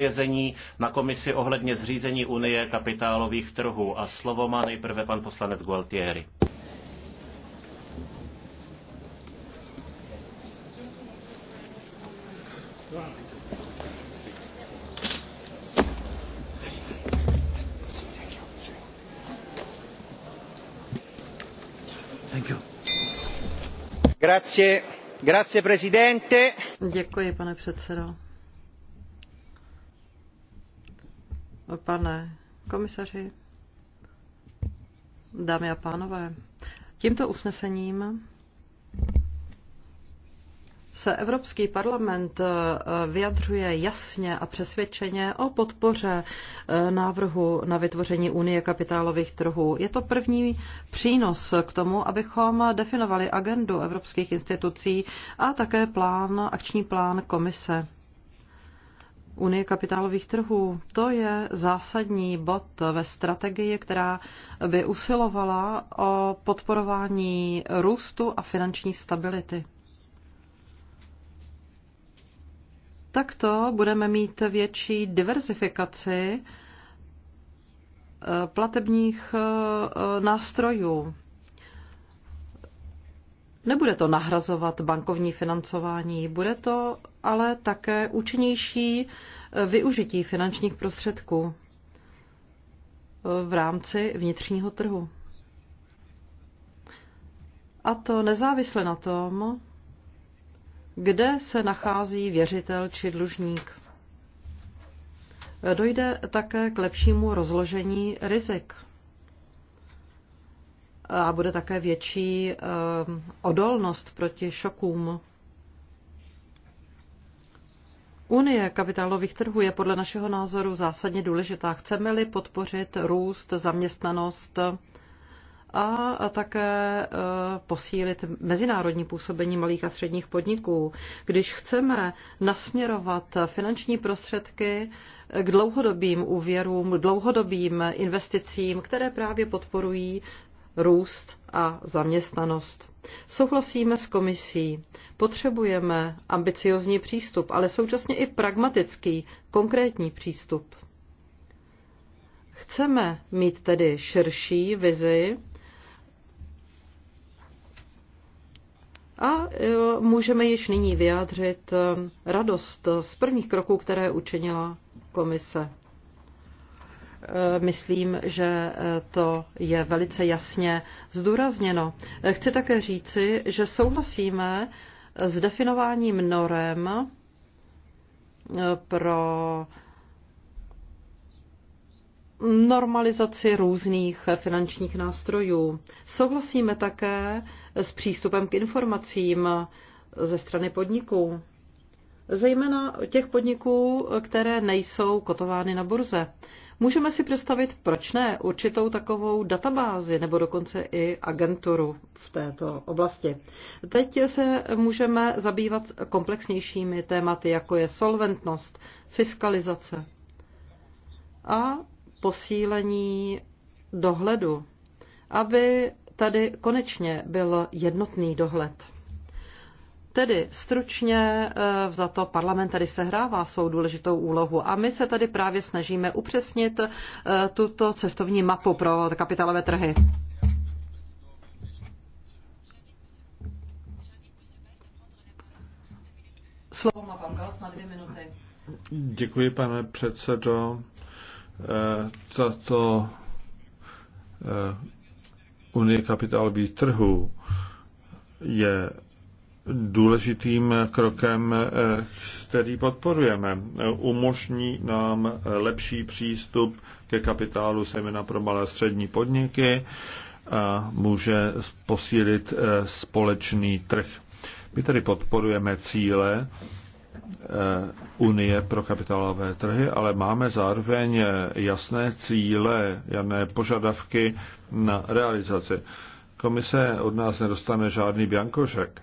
vězení na komisi ohledně zřízení Unie kapitálových trhů. A slovo má nejprve pan poslanec Gualtieri. Grazie, grazie presidente. Děkuji, pane předsedo. pane komisaři, dámy a pánové. Tímto usnesením se Evropský parlament eh, vyjadřuje jasně a přesvědčeně o podpoře eh, návrhu na vytvoření Unie kapitálových trhů. Je to první přínos k tomu, abychom definovali agendu evropských institucí a také plán, akční plán komise. Unie kapitálových trhů. To je zásadní bod ve strategii, která by usilovala o podporování růstu a finanční stability. Takto budeme mít větší diverzifikaci eh, platebních eh, nástrojů Nebude to nahrazovat bankovní financování, bude to ale také účinnější eh, využití finančních prostředků eh, v rámci vnitřního trhu. A to nezávisle na tom, kde se nachází věřitel či dlužník. Eh, dojde také k lepšímu rozložení rizik a bude také větší ehm, odolnost proti šokům. Unie kapitálových trhů je podle našeho názoru zásadně důležitá. Chceme-li podpořit růst, zaměstnanost a také eh, posílit mezinárodní působení malých a středních podniků. Když chceme nasměrovat finanční prostředky k dlouhodobým úvěrům, dlouhodobým investicím, které právě podporují růst a zaměstnanost. Souhlasíme s komisí. Potřebujeme ambiciozní přístup, ale současně i pragmatický, konkrétní přístup. Chceme mít tedy širší vizi a e, můžeme již nyní vyjádřit e, radost z prvních kroků, které učinila komise. Eh, myslím, že eh, to je velice jasně zdůrazněno. Eh, chci také říci, že souhlasíme s definováním norem pro normalizaci různých finančních nástrojů. Souhlasíme také s přístupem k informacím ze strany podniků, zejména těch podniků, které nejsou kotovány na burze. Můžeme si představit, proč ne, určitou takovou databázi nebo dokonce i agenturu v této oblasti. Teď se můžeme zabývat komplexnějšími tématy, jako je solventnost, fiskalizace a posílení dohledu, aby tady konečně byl jednotný dohled. Tedy stručně eh, za to parlament tady sehrává svou důležitou úlohu a my se tady právě snažíme upřesnit eh, tuto cestovní mapu pro kapitálové trhy. Slovo má pan Gals na dvě minuty. Děkuji, pane předsedo. Eh, tato Unie kapitálových trhů je důležitým krokem, který podporujeme. Umožní nám lepší přístup ke kapitálu, zejména pro malé a střední podniky, a může posílit eh, společný trh. My tedy podporujeme cíle eh, Unie pro kapitálové trhy, ale máme zároveň eh, jasné cíle, jasné požadavky na realizaci. Komise od nás nedostane žádný biankošek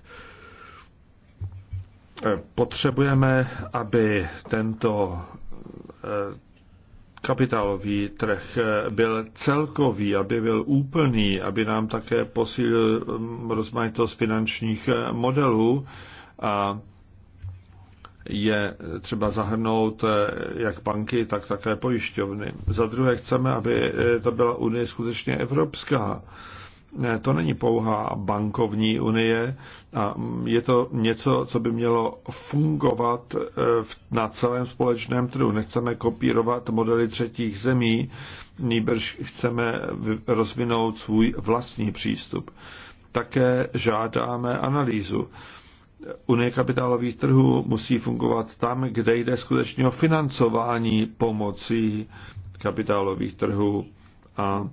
Eh, potřebujeme, aby tento eh, kapitálový trh eh, byl celkový, aby byl úplný, aby nám také posílil mm, rozmanitost finančních modelů a je třeba zahrnout jak banky, tak také pojišťovny. Za druhé chceme, aby to byla unie skutečně evropská to není pouhá bankovní unie a je to něco, co by mělo fungovat eh, na celém společném trhu. Nechceme kopírovat modely třetích zemí, nýbrž chceme rozvinout svůj vlastní přístup. Také žádáme analýzu. Unie kapitálových trhů musí fungovat tam, kde jde skutečně o financování pomocí kapitálových trhů a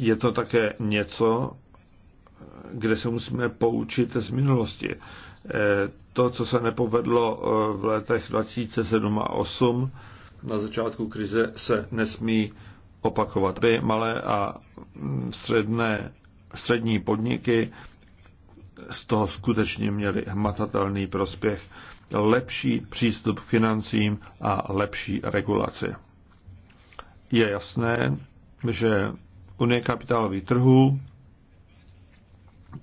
je to také něco, kde se musíme poučit z minulosti. E, to, co se nepovedlo e, v letech 2007 a 2008 na začátku krize, se nesmí opakovat. By malé a mm, středné, střední podniky z toho skutečně měly hmatatelný prospěch, lepší přístup k financím a lepší regulaci. Je jasné, že Unie kapitálových trhů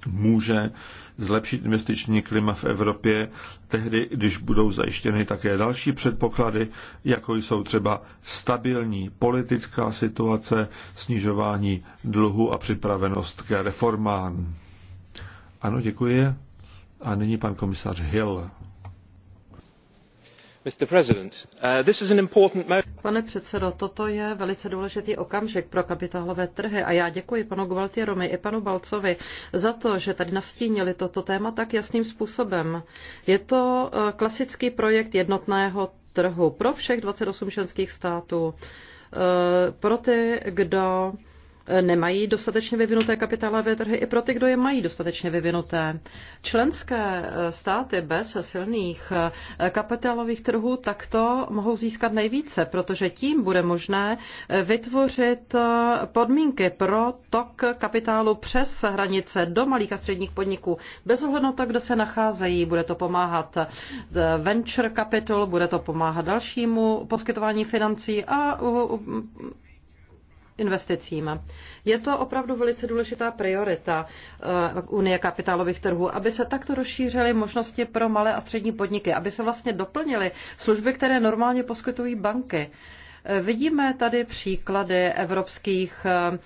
může zlepšit investiční klima v Evropě tehdy, když budou zajištěny také další předpoklady, jako jsou třeba stabilní politická situace, snižování dluhu a připravenost k reformám. Ano, děkuji. A nyní pan komisař Hill. Uh, Pane předsedající, toto je velice důležitý okamžik pro kapitálové trhy a já děkuji panu Gualtierovi i panu Balcovi za to, že tady nastínili toto téma tak jasným způsobem. Je to eh, klasický projekt jednotného trhu pro všech eight členských států, eh, pro ty, kdo nemají dostatečně vyvinuté kapitálové trhy i pro ty, kdo je mají dostatečně vyvinuté. Členské eh, státy bez silných eh, kapitálových trhů takto mohou získat nejvíce, protože tím bude možné eh, vytvořit podmínky pro tok kapitálu přes hranice do malých a středních podniků. Bez ohledu na to, kde se nacházejí, bude to pomáhat venture capital, bude to pomáhat dalšímu poskytování financí a investicím. Je to opravdu velice důležitá priorita eh, Unie kapitálových trhů, aby se takto rozšířily možnosti pro malé a střední podniky, aby se vlastně doplnily služby, které normálně poskytují banky. Vidíme tady příklady evropských eh,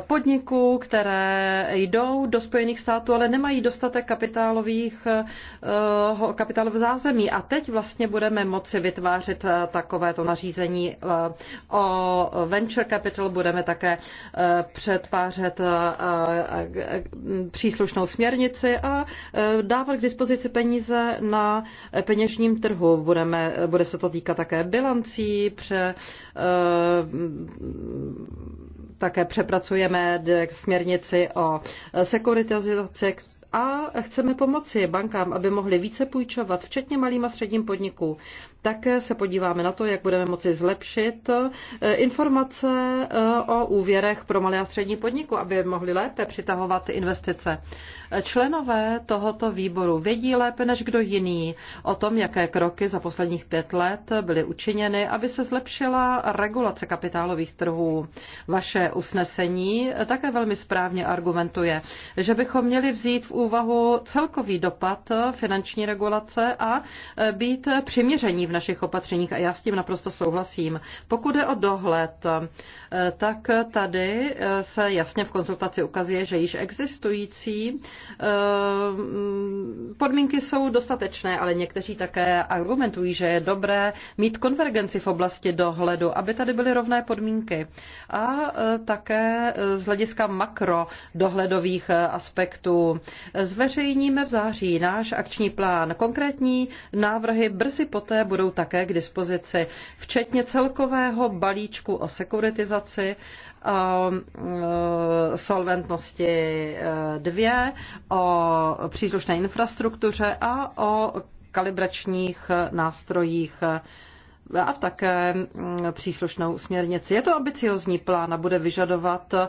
podniků, které jdou do Spojených států, ale nemají dostatek kapitálových eh, v zázemí. A teď vlastně budeme moci vytvářet eh, takovéto nařízení o venture capital. Budeme také přetvářet příslušnou směrnici a dávat k dispozici peníze na peněžním trhu. Budeme, bude se to týkat také bilancí, pře Eh, také přepracujeme směrnici o sekuritizaci a chceme pomoci bankám, aby mohly více půjčovat, včetně malým a středním podnikům. Také se podíváme na to, jak budeme moci zlepšit eh, informace eh, o úvěrech pro malé a střední podniku, aby mohli lépe přitahovat investice. Členové tohoto výboru vědí lépe než kdo jiný o tom, jaké kroky za posledních pět let byly učiněny, aby se zlepšila regulace kapitálových trhů. Vaše usnesení také velmi správně argumentuje, že bychom měli vzít v úvahu celkový dopad finanční regulace a eh, být přiměření v našich opatřeních a já s tím naprosto souhlasím. Pokud je o dohled, eh, tak tady eh, se jasně v konzultaci ukazuje, že již existující eh, podmínky jsou dostatečné, ale někteří také argumentují, že je dobré mít konvergenci v oblasti dohledu, aby tady byly rovné podmínky. A také z hlediska makro dohledových aspektů. Zveřejníme v září náš akční plán. Konkrétní návrhy brzy poté budou budou také k dispozici, včetně celkového balíčku o sekuritizaci, e, solventnosti 2, e, o příslušné infrastruktuře a o kalibračních e, nástrojích a v také mm, příslušnou směrnici. Je to ambiciozní plán a bude vyžadovat eh,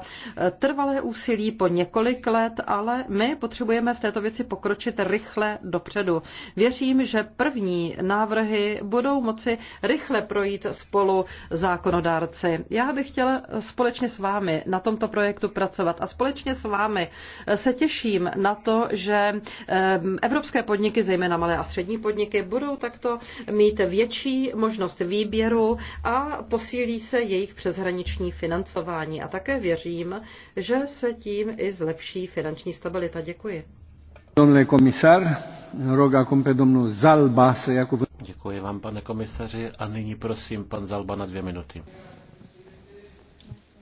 trvalé úsilí po několik let, ale my potřebujeme v této věci pokročit rychle dopředu. Věřím, že první návrhy budou moci rychle projít spolu zákonodárci. Já bych chtěla společně s vámi na tomto projektu pracovat a společně s vámi eh, se těším na to, že eh, evropské podniky, zejména malé a střední podniky, budou takto mít větší možnost možnost výběru a posílí se jejich přeshraniční financování. A také věřím, že se tím i zlepší finanční stabilita. Děkuji. Domnule komisar, Roga pe Zalba se jako... Děkuji vám, pane komisaři, a nyní prosím pan Zalba na dvě minuty.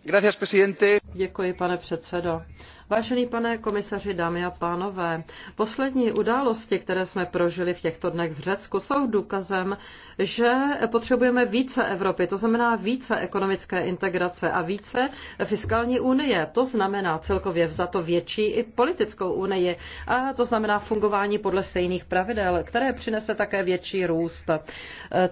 Gracias, presidente. Děkuji, pane předsedo. Vážený pane komisaři, dámy a pánové, poslední události, které jsme prožili v těchto dnech v Řecku, jsou důkazem, že potřebujeme více Evropy, to znamená více ekonomické integrace a více fiskální unie. To znamená celkově vzato větší i politickou unii a to znamená fungování podle stejných pravidel, které přinese také větší růst.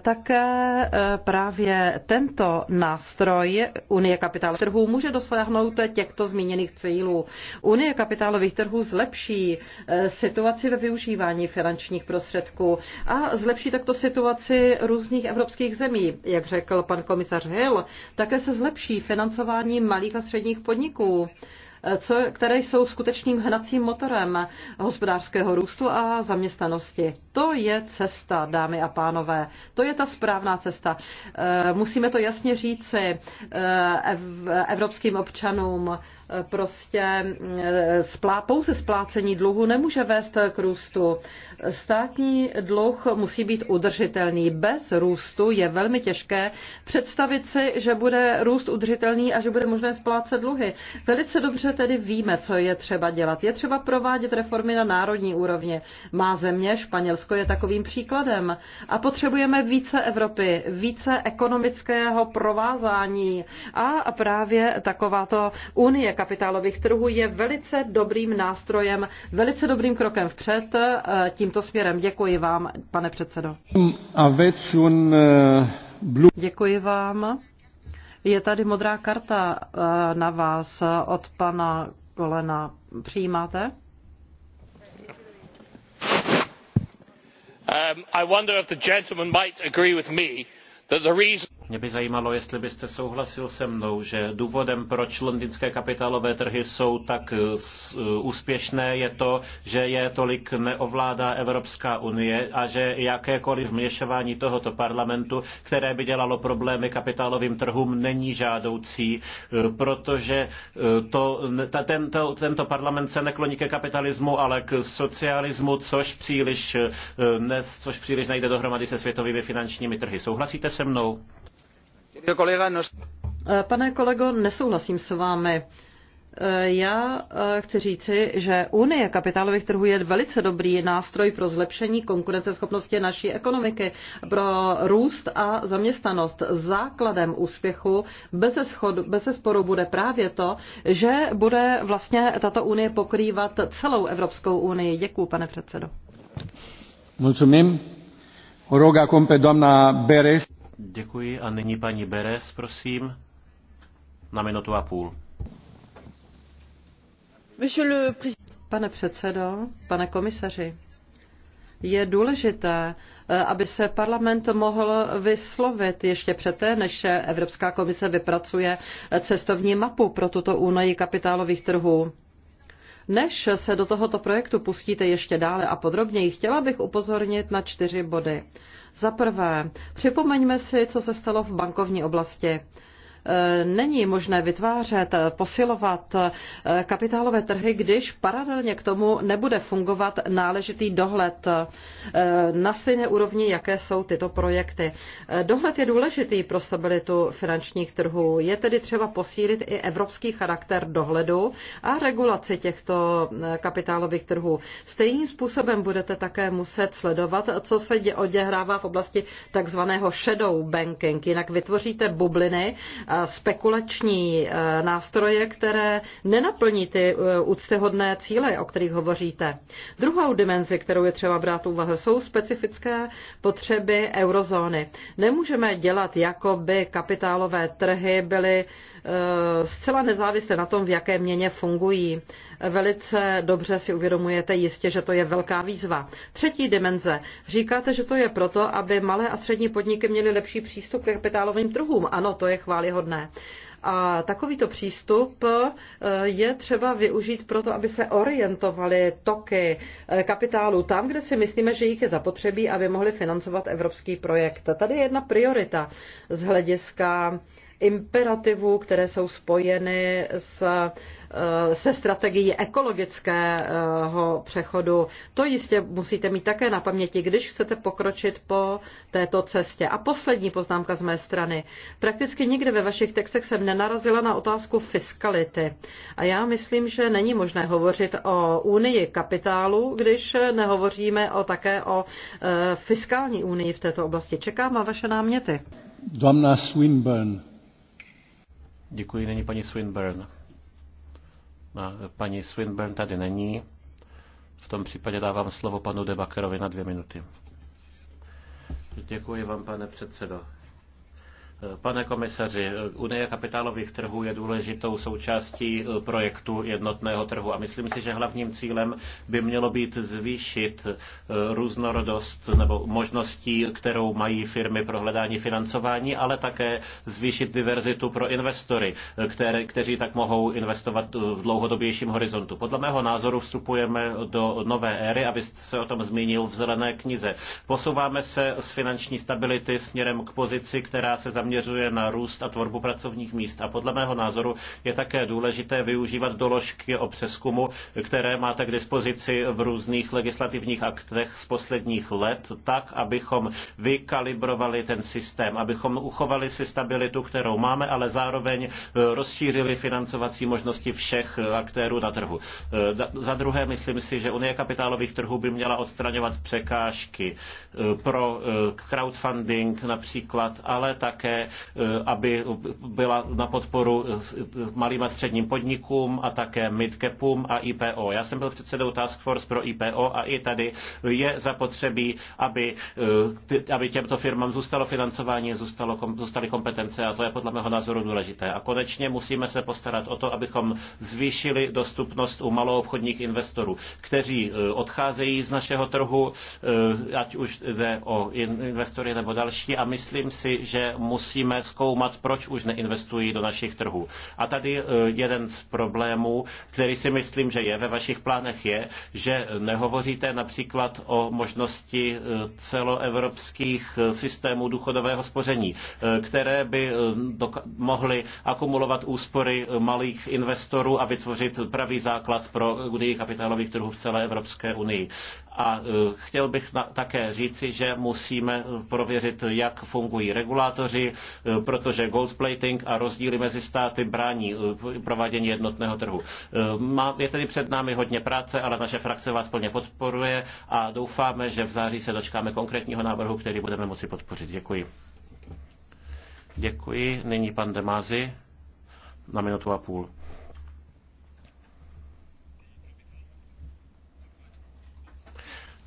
Také eh, právě tento nástroj Unie kapitálových trhů může dosáhnout těchto zmíněných cílů. Unie kapitálových trhů zlepší eh, situaci ve využívání finančních prostředků a zlepší takto situaci různých evropských zemí. Jak řekl pan komisař Hill, také se zlepší financování malých a středních podniků eh, co, které jsou skutečným hnacím motorem hospodářského růstu a zaměstnanosti. To je cesta, dámy a pánové. To je ta správná cesta. Eh, musíme to jasně říci evropským občanům prostě eh, splá, pouze splácení dluhu nemůže vést k růstu. Státní dluh musí být udržitelný. Bez růstu je velmi těžké představit si, že bude růst udržitelný a že bude možné splácet dluhy. Velice dobře tedy víme, co je třeba dělat. Je třeba provádět reformy na národní úrovni. Má země, Španělsko je takovým příkladem. A potřebujeme více Evropy, více ekonomického provázání a právě takováto unie, kapitálových trhů je velice dobrým nástrojem, velice dobrým krokem vpřed eh, tímto směrem. Děkuji vám, pane předsedo. Eh, Děkuji vám. Je tady modrá karta eh, na vás od pana Kolena. Přijímáte? Um, I wonder if the gentleman might agree with me that the reason mě by zajímalo, jestli byste souhlasil se mnou, že důvodem, proč londýnské kapitálové trhy jsou tak eh, eh, úspěšné, je to, že je tolik neovládá Evropská unie a že jakékoliv vměšování tohoto parlamentu, které by dělalo problémy kapitálovým trhům, není žádoucí, eh, protože to, tento, tento parlament se nekloní ke kapitalismu, ale k socialismu, což příliš, ne, což příliš nejde dohromady se světovými finančními trhy. Souhlasíte se mnou? Eh, pane kolego, nesouhlasím s vámi. Eh, já eh, chci říci, že Unie kapitálových trhů je velice dobrý nástroj pro zlepšení konkurenceschopnosti naší ekonomiky, pro růst a zaměstnanost. Základem úspěchu bez, sporu bude právě to, že bude vlastně tato Unie pokrývat celou Evropskou unii. Děkuji, pane předsedo. Děkuji. doamna Beres. Děkuji a nyní paní Beres, prosím, na minutu a půl. Pane předsedo, pane komisaři, je důležité, eh, aby se parlament mohl vyslovit ještě předtím, než Evropská komise vypracuje cestovní mapu pro tuto únoji kapitálových trhů. Než se do tohoto projektu pustíte ještě dále a podrobněji, chtěla bych upozornit na čtyři body. Za prvé, připomeňme si, co se stalo v bankovní oblasti. Eh, není možné vytvářet, eh, posilovat eh, kapitálové trhy, když paralelně k tomu nebude fungovat náležitý dohled na stejné úrovni, jaké jsou tyto projekty. Dohled je důležitý pro stabilitu finančních trhů. Je tedy třeba posílit i evropský charakter dohledu a regulaci těchto kapitálových trhů. Stejným způsobem budete také muset sledovat, co se odehrává v oblasti takzvaného shadow banking. Jinak vytvoříte bubliny, spekulační eh, nástroje, které nenaplní ty eh, úctyhodné cíle, o kterých hovoříte. Druhou dimenzi, kterou je třeba brát úvahu, jsou specifické potřeby eurozóny. Nemůžeme dělat, jako by kapitálové trhy byly Eh, zcela nezávisle na tom, v jaké měně fungují. Velice dobře si uvědomujete jistě, že to je velká výzva. Třetí dimenze. Říkáte, že to je proto, aby malé a střední podniky měly lepší přístup k kapitálovým trhům. Ano, to je chválihodné. A takovýto přístup eh, je třeba využít proto, aby se orientovaly toky eh, kapitálu tam, kde si myslíme, že jich je zapotřebí, aby mohli financovat evropský projekt. Tady je jedna priorita z hlediska imperativů, které jsou spojeny s, eh, se strategií ekologického přechodu. To jistě musíte mít také na paměti, když chcete pokročit po této cestě. A poslední poznámka z mé strany. Prakticky nikde ve vašich textech jsem nenarazila na otázku fiskality. A já myslím, že není možné hovořit o unii kapitálu, když nehovoříme o, také o eh, fiskální unii v této oblasti. Čekám na vaše náměty. Doamna Swinburne. Děkuji, není paní Swinburne. paní Swinburne tady není. V tom případě dávám slovo panu Debakerovi na dvě minuty. Děkuji vám, pane předsedo. Pane komisaři, Unie kapitálových trhů je důležitou součástí eh, projektu jednotného trhu a myslím si, že hlavním cílem by mělo být zvýšit eh, různorodost nebo možností, kterou mají firmy pro hledání financování, ale také zvýšit diverzitu pro investory, eh, které, kteří tak mohou investovat v dlouhodobějším horizontu. Podle mého názoru vstupujeme do nové éry, abyste se o tom zmínil v zelené knize. Posouváme se z finanční stability směrem k pozici, která se zaměří zaměřuje na růst a tvorbu pracovních míst. A podle mého názoru je také důležité využívat doložky o přeskumu, které máte k dispozici v různých legislativních aktech z posledních let, tak, abychom vykalibrovali ten systém, abychom uchovali si stabilitu, kterou máme, ale zároveň eh, rozšířili financovací možnosti všech eh, aktérů na trhu. Eh, za druhé, myslím si, že Unie kapitálových trhů by měla odstraňovat překážky pro crowdfunding například, ale také Eh, aby byla na podporu malým a středním podnikům a také midcapům a IPO. Já jsem byl předsedou Task Force pro IPO a i tady je zapotřebí, aby, eh, aby těmto firmám zůstalo financování, zůstalo, zůstaly kompetence a to je podle mého názoru důležité. A konečně musíme se postarat o to, abychom zvýšili dostupnost u maloobchodních investorů, kteří eh, odcházejí z našeho trhu, ať už jde o investory nebo další a myslím si, že musí musíme zkoumat, proč už neinvestují do našich trhů. A tady eh, jeden z problémů, který si myslím, že je ve vašich plánech, je, že nehovoříte například o možnosti eh, celoevropských eh, systémů důchodového spoření, které by mohly akumulovat úspory malých investorů a vytvořit pravý základ pro unii kapitálových trhů v celé Evropské unii. A chtěl bych také říci, že musíme prověřit, jak fungují regulátoři, Eh, protože goldplating a rozdíly mezi státy brání eh, provádění jednotného trhu. Eh, je tedy před námi hodně práce, ale naše frakce vás plně podporuje a doufáme, že v září se dočkáme konkrétního návrhu, který budeme moci podpořit. Děkuji. Děkuji. Nyní pan Demázy na minutu a půl.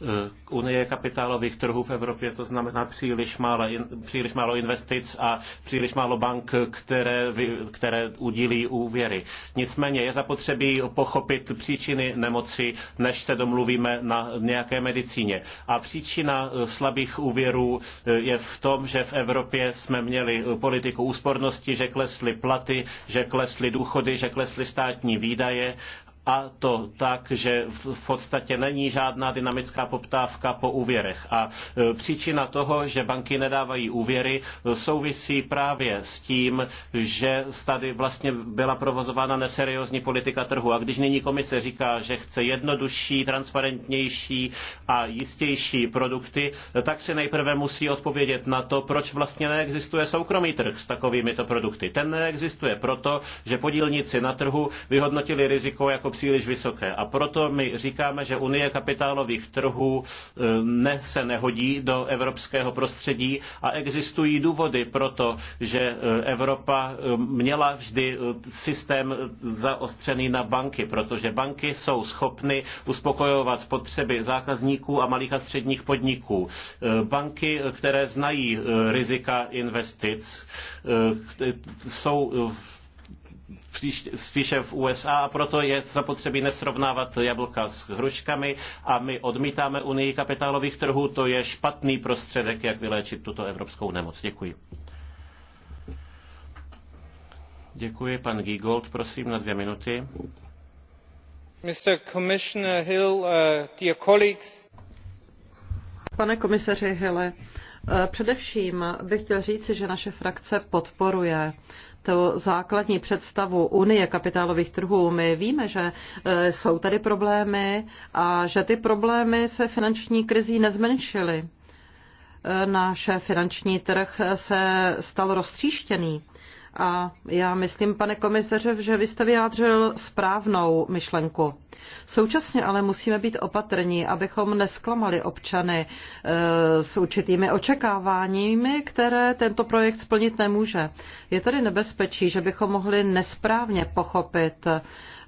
Eh, unie kapitálových trhů v Evropě, to znamená příliš málo, příliš málo investic a příliš málo bank, které, které udílí úvěry. Nicméně je zapotřebí pochopit příčiny nemoci, než se domluvíme na nějaké medicíně. A příčina eh, slabých úvěrů eh, je v tom, že v Evropě jsme měli politiku úspornosti, že klesly platy, že klesly důchody, že klesly státní výdaje a to tak, že v podstatě není žádná dynamická poptávka po úvěrech. A e, příčina toho, že banky nedávají úvěry, e, souvisí právě s tím, že tady vlastně byla provozována neseriózní politika trhu. A když nyní komise říká, že chce jednodušší, transparentnější a jistější produkty, e, tak si nejprve musí odpovědět na to, proč vlastně neexistuje soukromý trh s takovými to produkty. Ten neexistuje proto, že podílníci na trhu vyhodnotili riziko jako jako příliš vysoké. A proto my říkáme, že Unie kapitálových trhů eh, ne, se nehodí do evropského prostředí a existují důvody pro to, že eh, Evropa eh, měla vždy systém zaostřený na banky, protože banky jsou schopny uspokojovat potřeby zákazníků a malých a středních podniků. Banky, které znají rizika investic, jsou spíše v USA a proto je zapotřebí nesrovnávat jablka s hruškami a my odmítáme Unii kapitálových trhů. To je špatný prostředek, jak vyléčit tuto evropskou nemoc. Děkuji. Děkuji. Pan Giegold, prosím, na dvě minuty. Mr. Commissioner Hill, uh, dear colleagues. Pane komisaři Hille, eh, Především bych chtěl říci, že naše frakce podporuje to základní představu Unie kapitálových trhů. My víme, že e, jsou tady problémy a že ty problémy se finanční krizí nezmenšily. E, náš finanční trh se stal roztříštěný. A já myslím, pane komisaře, že vy jste vyjádřil správnou myšlenku. Současně ale musíme být opatrní, abychom nesklamali občany e, s určitými očekáváními, které tento projekt splnit nemůže. Je tady nebezpečí, že bychom mohli nesprávně pochopit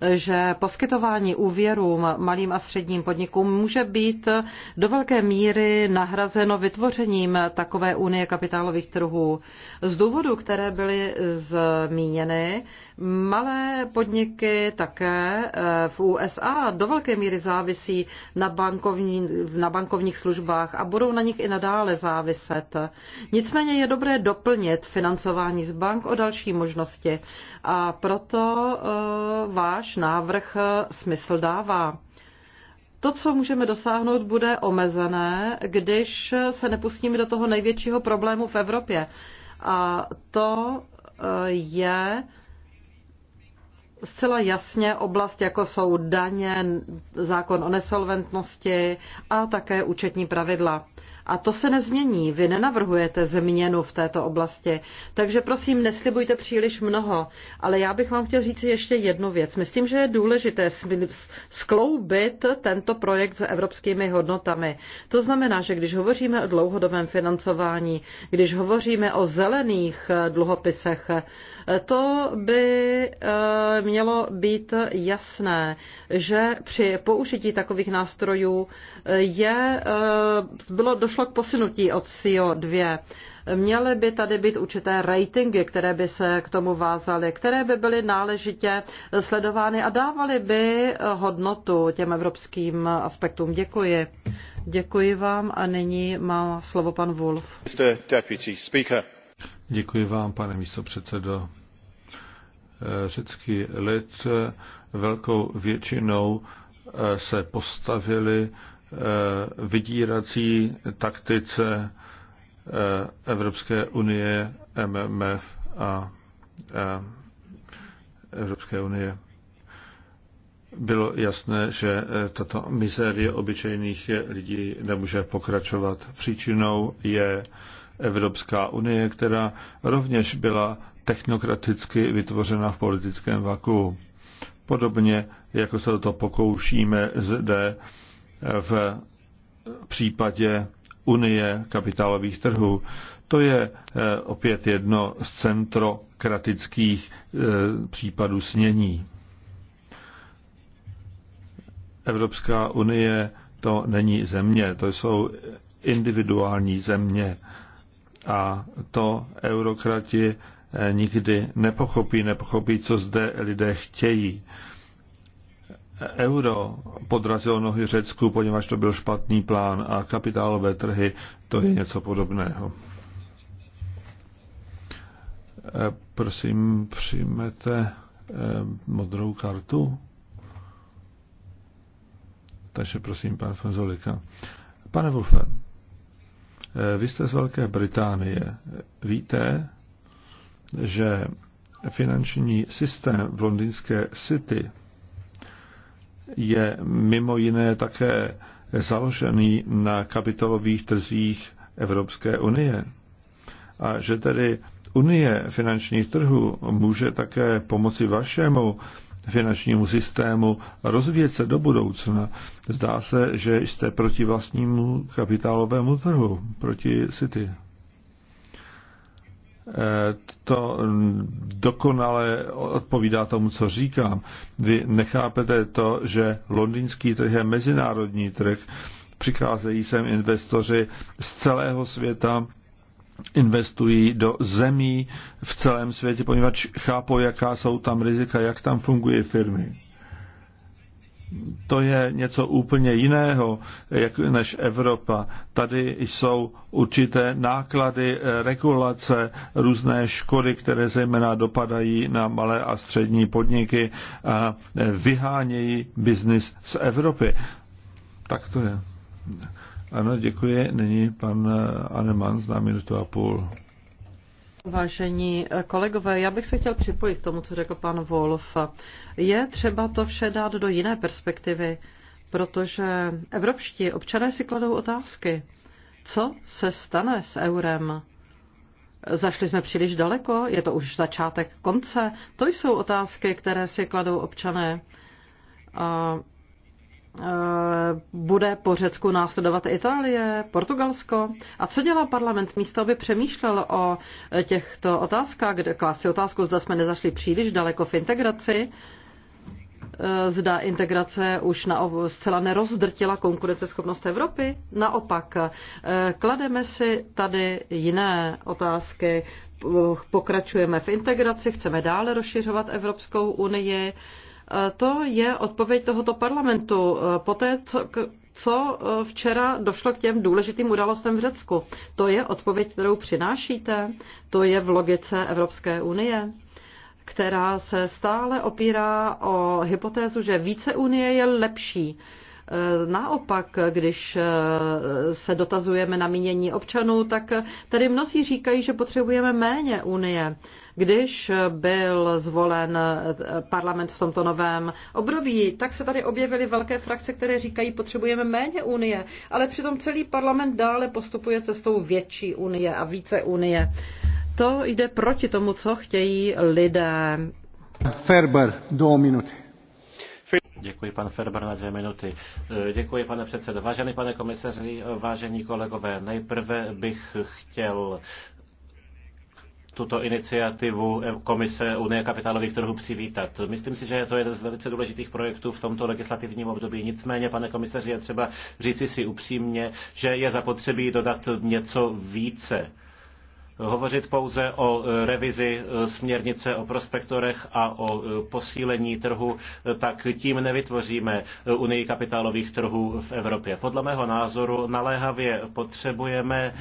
že poskytování úvěrů malým a středním podnikům může být do velké míry nahrazeno vytvořením takové unie kapitálových trhů. Z důvodů, které byly zmíněny, malé podniky také eh, v USA do velké míry závisí na, bankovní, na bankovních službách a budou na nich i nadále záviset. Nicméně je dobré doplnit financování z bank o další možnosti. A proto eh, váš náš návrh smysl dává. To, co můžeme dosáhnout, bude omezené, když se nepustíme do toho největšího problému v Evropě. A to eh, je zcela jasně oblast, jako jsou daně, zákon o nesolventnosti a také účetní pravidla. A to se nezmění. Vy nenavrhujete změnu v této oblasti. Takže prosím, neslibujte příliš mnoho. Ale já bych vám chtěl říct ještě jednu věc. Myslím, že je důležité skloubit tento projekt s evropskými hodnotami. To znamená, že když hovoříme o dlouhodobém financování, když hovoříme o zelených eh, dluhopisech, to by eh, mělo být jasné, že při použití takových nástrojů eh, je, eh, bylo, došlo k posunutí od CO2. Měly by tady být určité ratingy, které by se k tomu vázaly, které by byly náležitě sledovány a dávaly by hodnotu těm evropským aspektům. Děkuji. Děkuji vám a nyní má slovo pan Wolf. Mr. Deputy Speaker. Děkuji vám, pane místopředsedo. Eh, řecký lid eh, velkou většinou eh, se postavili vydírací taktice Evropské unie, MMF a Evropské unie. Bylo jasné, že tato mizérie obyčejných lidí nemůže pokračovat. Příčinou je Evropská unie, která rovněž byla technokraticky vytvořena v politickém vaku. Podobně, jako se to pokoušíme zde v případě Unie kapitálových trhů. To je eh, opět jedno z centrokratických eh, případů snění. Evropská unie to není země, to jsou individuální země. A to eurokrati eh, nikdy nepochopí, nepochopí, co zde lidé chtějí. Euro podrazilo nohy Řecku, poněvadž to byl špatný plán a kapitálové trhy to je něco podobného. Eh, prosím, přijmete eh, modrou kartu. Takže prosím, pan Fonzolika. Pane Wolfe, Eh, vy jste z Velké Británie. Víte, že finanční systém v londýnské City je mimo jiné také založený na kapitolových trzích Evropské unie. A že tedy Unie finančních trhů může také pomoci vašemu finančnímu systému rozvíjet se do budoucna. Zdá se, že jste proti vlastnímu kapitálovému trhu, proti City. E, to dokonale odpovídá tomu, co říkám. Vy nechápete to, že londýnský trh je mezinárodní trh. Přicházejí sem investoři z celého světa, investují do zemí v celém světě, poněvadž chápou, jaká jsou tam rizika, jak tam fungují firmy. To je něco úplně jiného jak než Evropa. Tady jsou určité náklady, eh, regulace, různé škody, které zejména dopadají na malé a střední podniky a eh, vyhánějí biznis z Evropy. Tak to je. Ano, děkuji. Nyní pan eh, Aneman na minutu a půl. Vážení eh, kolegové, já bych se chtěl připojit k tomu, co řekl pan Wolf. Je třeba to vše dát do jiné perspektivy, protože evropští občané si kladou otázky. Co se stane s eurem? Zašli jsme příliš daleko? Je to už začátek konce? To jsou otázky, které si kladou občané. A Eh, bude po Řecku následovat Itálie, Portugalsko? A co dělá parlament místo, aby přemýšlel o těchto otázkách, kde klást otázku, zda jsme nezašli příliš daleko v integraci, eh, zda integrace už na, zcela nerozdrtila konkurenceschopnost Evropy. Naopak, eh, klademe si tady jiné otázky, pokračujeme v integraci, chceme dále rozšiřovat Evropskou unii, Eh, to je odpověď tohoto parlamentu. Eh, Poté, co, co eh, včera došlo k těm důležitým událostem v Řecku, to je odpověď, kterou přinášíte. To je v logice Evropské unie která se stále opírá o hypotézu, že více unie je lepší. Naopak, když eh, se dotazujeme na mínění občanů, tak tady mnozí říkají, že potřebujeme méně Unie. Když byl zvolen eh, parlament v tomto novém období, tak se tady objevily velké frakce, které říkají, potřebujeme méně Unie, ale přitom celý parlament dále postupuje cestou větší Unie a více Unie. To jde proti tomu, co chtějí lidé. Ferber, dvě minuty. Děkuji, pan Ferber, na dvě minuty. E, děkuji, pane předsedo. Vážený pane komisaři, vážení kolegové, nejprve bych chtěl tuto iniciativu Komise Unie kapitálových trhů přivítat. Myslím si, že je to jeden z velice důležitých projektů v tomto legislativním období. Nicméně, pane komisaři, je třeba říci si upřímně, že je zapotřebí dodat něco více hovořit pouze o eh, revizi eh, směrnice o prospektorech a o eh, posílení trhu, tak tím nevytvoříme unii kapitálových trhů v Evropě. Podle mého názoru naléhavě potřebujeme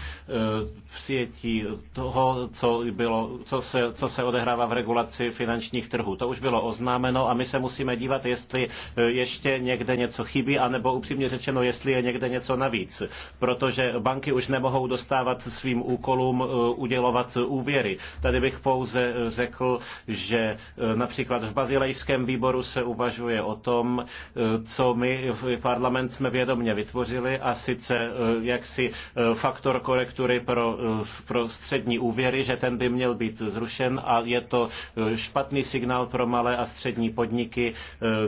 přijetí toho, co, bylo, co, se, co se odehrává v regulaci finančních trhů. To už bylo oznámeno a my se musíme dívat, jestli ještě někde něco chybí, anebo upřímně řečeno, jestli je někde něco navíc. Protože banky už nemohou dostávat svým úkolům udělovat úvěry. Tady bych pouze eh, řekl, že eh, například v bazilejském výboru se uvažuje o tom, eh, co my parlament jsme vědomně vytvořili a sice jaksi faktor korektury pro, pro střední úvěry, že ten by měl být zrušen a je to špatný signál pro malé a střední podniky,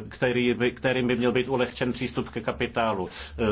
který by, kterým by měl být ulehčen přístup ke kapitálu.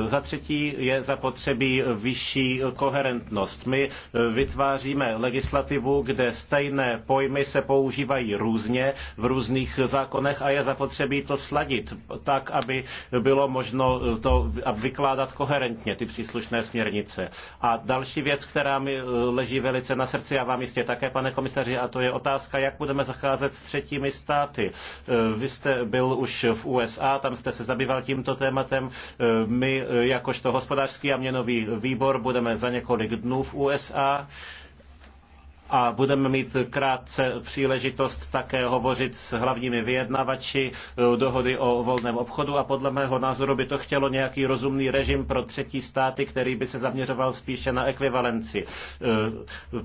Za třetí je zapotřebí vyšší koherentnost. My vytváříme Máme legislativu, kde stejné pojmy se používají různě v různých zákonech a je zapotřebí to sladit tak, aby bylo možno to vykládat koherentně, ty příslušné směrnice. A další věc, která mi eh, leží velice na srdci a vám jistě také, pane komisaři, a to je otázka, jak budeme zacházet s třetími státy. Eh, vy jste byl už v USA, tam jste se zabýval tímto tématem. Eh, my, jakožto hospodářský a měnový výbor, budeme za několik dnů v USA a budeme mít krátce příležitost také hovořit s hlavními vyjednavači eh, dohody o volném obchodu a podle mého názoru by to chtělo nějaký rozumný režim pro třetí státy, který by se zaměřoval spíše na ekvivalenci. Eh,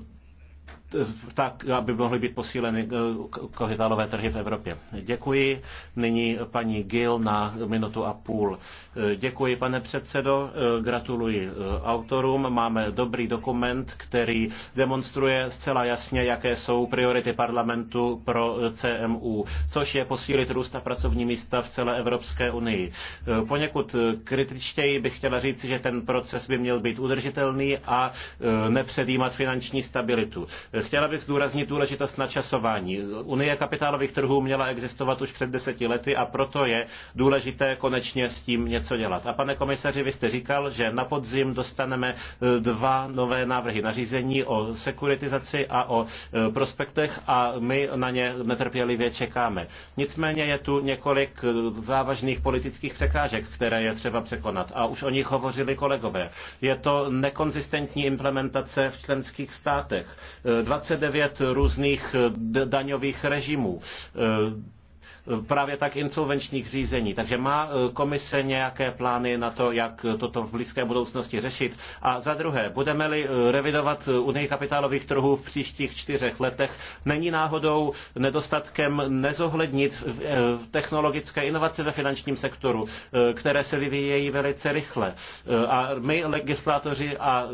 tak, aby mohly být posíleny eh, kapitálové trhy v Evropě. Děkuji. Nyní paní Gil na minutu a půl. Eh, děkuji, pane předsedo. Eh, gratuluji autorům. Máme dobrý dokument, který demonstruje zcela jasně, jaké jsou priority parlamentu pro CMU, což je posílit růst a pracovní místa v celé Evropské unii. Poněkud kritičtěji bych chtěla říct, že ten proces by měl být udržitelný a nepředjímat finanční stabilitu. Chtěla bych zdůraznit důležitost načasování. Unie kapitálových trhů měla existovat už před deseti lety a proto je důležité konečně s tím něco dělat. A pane komisaři, vy jste říkal, že na podzim dostaneme eh, dva nové návrhy nařízení o sekuritizaci a o eh, prospektech a my na ně netrpělivě čekáme. Nicméně je tu několik eh, závažných politických překážek, které je třeba překonat a už o nich hovořili kolegové. Je to nekonzistentní implementace v členských státech. 29 různých eh, daňových režimů. Eh, právě tak insolvenčních řízení. Takže má e, komise nějaké plány na to, jak toto v blízké budoucnosti řešit? A za druhé, budeme-li e, revidovat Unii kapitálových trhů v příštích čtyřech letech, není náhodou nedostatkem nezohlednit e, technologické inovace ve finančním sektoru, které se vyvíjejí velice rychle. A my, legislátoři a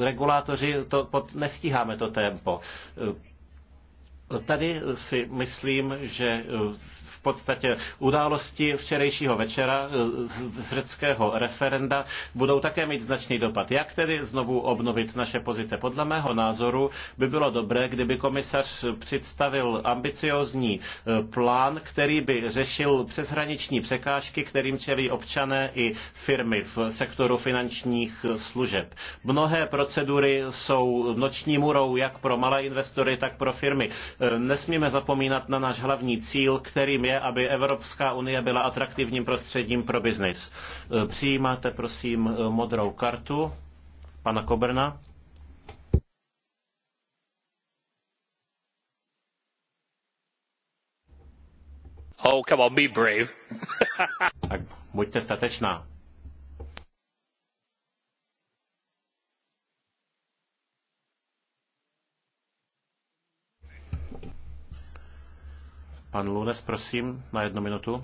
regulátoři, to nestíháme to tempo. Tady si myslím, že podstatě události včerejšího večera e, z řeckého referenda budou také mít značný dopad. Jak tedy znovu obnovit naše pozice? Podle mého názoru by bylo dobré, kdyby komisař představil ambiciozní e, plán, který by řešil přeshraniční překážky, kterým čelí občané i firmy v sektoru finančních e, služeb. Mnohé procedury jsou noční murou jak pro malé investory, tak pro firmy. Nesmíme zapomínat na náš hlavní cíl, kterým je době, aby Evropská unie byla atraktivním prostředím pro biznis. E, přijímáte, prosím, e, modrou kartu pana Koberna. Oh, come on, be brave. tak buďte statečná. Pan Lunes, prosím, na jednu minutu.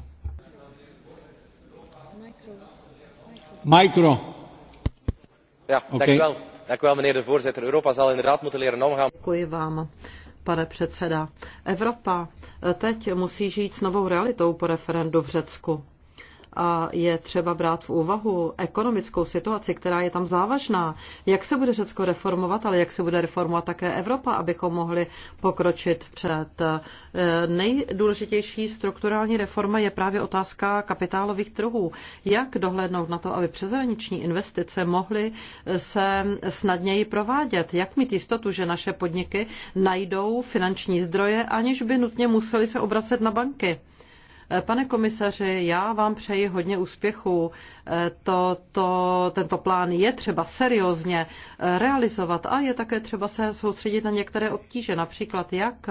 Micro. Ja, okay. dank u wel. Dank u wel, meneer de voorzitter. Europa zal inderdaad moeten leren omgaan. Děkuji vám, pane předseda. Evropa eh, teď musí žít s novou realitou po referendu v Řecku a je třeba brát v úvahu ekonomickou situaci, která je tam závažná. Jak se bude Řecko reformovat, ale jak se bude reformovat také Evropa, abychom mohli pokročit před. E, nejdůležitější strukturální reforma je právě otázka kapitálových trhů. Jak dohlednout na to, aby přezraniční investice mohly se snadněji provádět? Jak mít jistotu, že naše podniky najdou finanční zdroje, aniž by nutně museli se obracet na banky? Pane komisaři, já vám přeji hodně úspěchů. To, to, tento plán je třeba seriózně eh, realizovat a je také třeba se soustředit na některé obtíže, například jak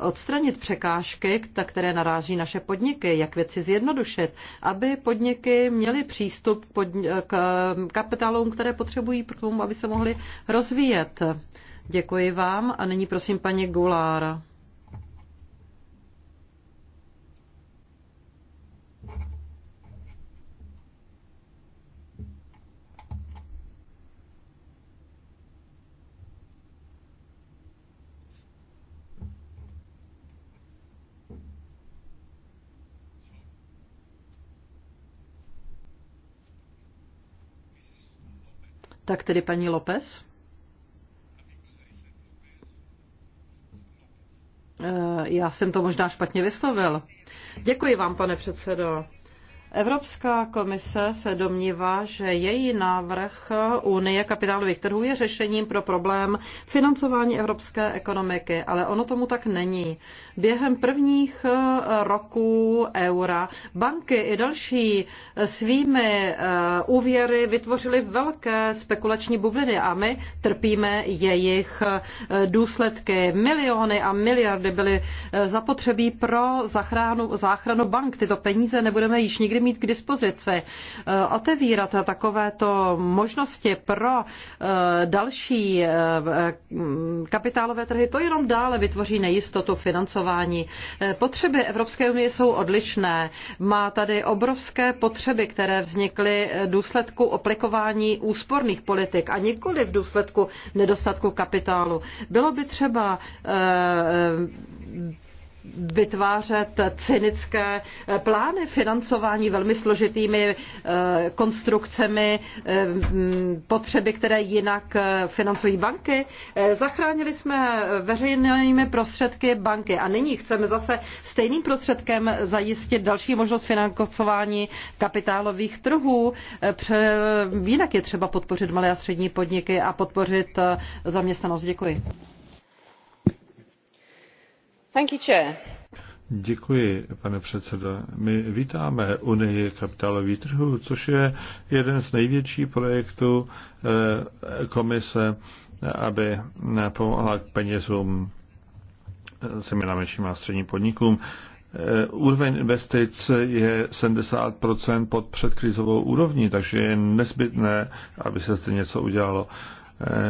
odstranit překážky, které naráží naše podniky, jak věci zjednodušit, aby podniky měly přístup k eh, kapitálům, které potřebují k tomu, aby se mohly rozvíjet. Děkuji vám a nyní prosím paní Gulára. Tak tedy paní López. Eh, já jsem to možná špatně vyslovil. Děkuji vám, pane předsedo. Evropská komise se domnívá, že její návrh Unie kapitálových trhů je řešením pro problém financování evropské ekonomiky, ale ono tomu tak není. Během prvních eh, roků eura banky i další eh, svými eh, úvěry vytvořily velké spekulační bubliny a my trpíme jejich důsledky. Miliony a miliardy byly zapotřebí pro zachranu, záchranu bank. Tyto peníze nebudeme již nikdy mít k dispozici. Eh, otevírat takovéto možnosti pro eh, další eh, kapitálové trhy, to jenom dále vytvoří nejistotu financování. Potřeby Evropské unie jsou odlišné. Má tady obrovské potřeby, které vznikly důsledku aplikování úsporných politik a nikoli v důsledku nedostatku kapitálu. Bylo by třeba vytvářet cynické eh, plány financování velmi složitými eh, konstrukcemi eh, mm, potřeby, které jinak financují banky. Zachránili jsme veřejnými prostředky banky a nyní chceme zase stejným prostředkem zajistit další možnost financování kapitálových trhů. Jinak je třeba podpořit malé a střední podniky a podpořit zaměstnanost. Děkuji. Děkuji, pane předsedo. My vítáme Unii kapitálových trhů, což je jeden z největších projektů eh, komise, aby pomohla k penězům eh, zejména menším a středním podnikům. Eh, úroveň investic je 70 pod předkrizovou úrovní, takže je nezbytné, aby se zde něco udělalo.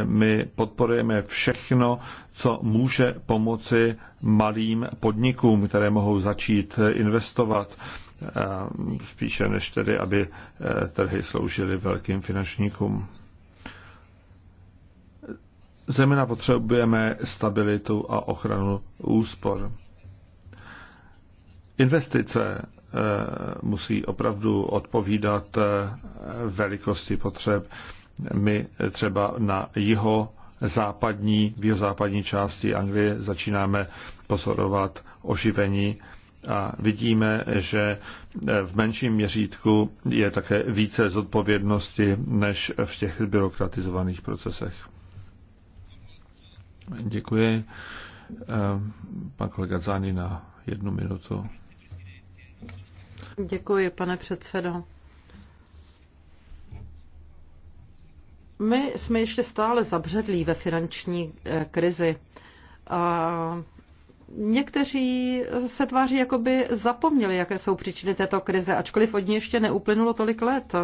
My podporujeme všechno, co může pomoci malým podnikům, které mohou začít investovat spíše než tedy, aby e, trhy sloužily velkým finančníkům. Zemina potřebujeme stabilitu a ochranu úspor. Investice e, musí opravdu odpovídat e, velikosti potřeb. My třeba na jiho západní, v západní části Anglie začínáme pozorovat oživení a vidíme, že v menším měřítku je také více zodpovědnosti než v těch byrokratizovaných procesech. Děkuji. Eh, pan kolega Zány na jednu minutu. Děkuji, pane předsedo. My jsme ještě stále zabředlí ve finanční eh, krizi. A někteří se tváří, jako by zapomněli, jaké jsou příčiny této krize, ačkoliv od ní ještě neuplynulo tolik let.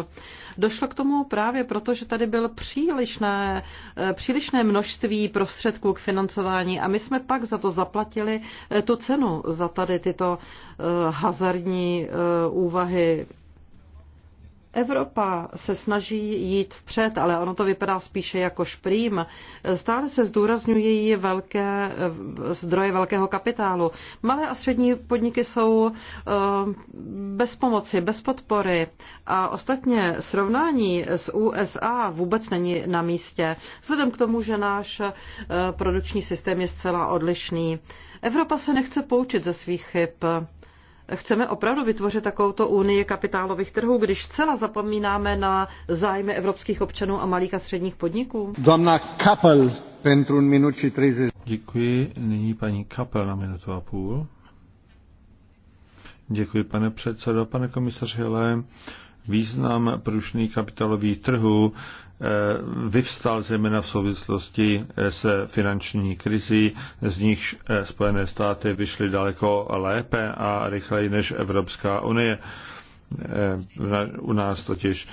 Došlo k tomu právě proto, že tady byl přílišné, eh, přílišné množství prostředků k financování a my jsme pak za to zaplatili eh, tu cenu, za tady tyto hazardní úvahy Evropa se snaží jít vpřed, ale ono to vypadá spíše jako šprým. Stále se zdůrazňují velké eh, zdroje velkého kapitálu. Malé a střední podniky jsou eh, bez pomoci, bez podpory a ostatně srovnání s USA vůbec není na místě, vzhledem k tomu, že náš eh, produkční systém je zcela odlišný. Evropa se nechce poučit ze svých chyb Chceme opravdu vytvořit takovouto unii kapitálových trhů, když zcela zapomínáme na zájmy evropských občanů a malých a středních podniků? Doamna Kapel, pentru un minut și 30. Děkuji. Nyní paní Kapel na minutu a půl. Děkuji, pane předsedo. Pane komisař Hele, význam průšných kapitálových trhů Eh, vyvstal zejména v souvislosti eh, s finanční krizí, z nichž eh, Spojené státy vyšly daleko lépe a rychleji než Evropská unie. U nás totiž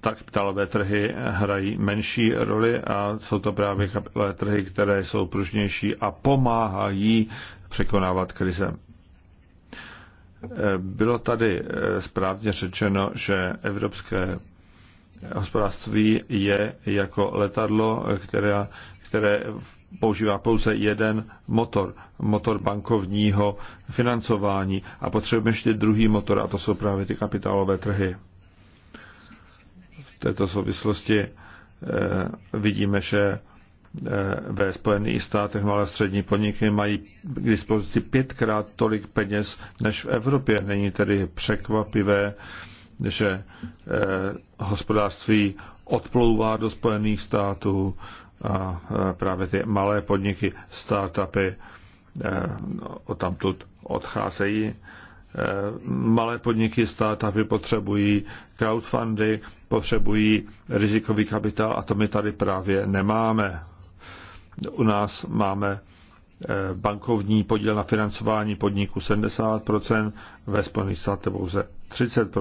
tak ptalové trhy hrají menší roli a jsou to právě kapitalové trhy, které jsou pružnější a pomáhají překonávat krize. Bylo tady správně řečeno, že evropské hospodářství je jako letadlo, které, které používá pouze jeden motor, motor bankovního financování a potřebujeme ještě druhý motor a to jsou právě ty kapitálové trhy. V této souvislosti eh, vidíme, že eh, ve Spojených státech malé střední podniky mají k dispozici pětkrát tolik peněz než v Evropě. Není tedy překvapivé, že eh, hospodářství odplouvá do Spojených států a eh, právě ty malé podniky, startupy eh, no, tamtud odcházejí. Malé podniky, startupy potřebují crowdfundy, potřebují rizikový kapitál a to my tady právě nemáme. U nás máme bankovní podíl na financování podniku 70%, ve Spojených státech pouze 30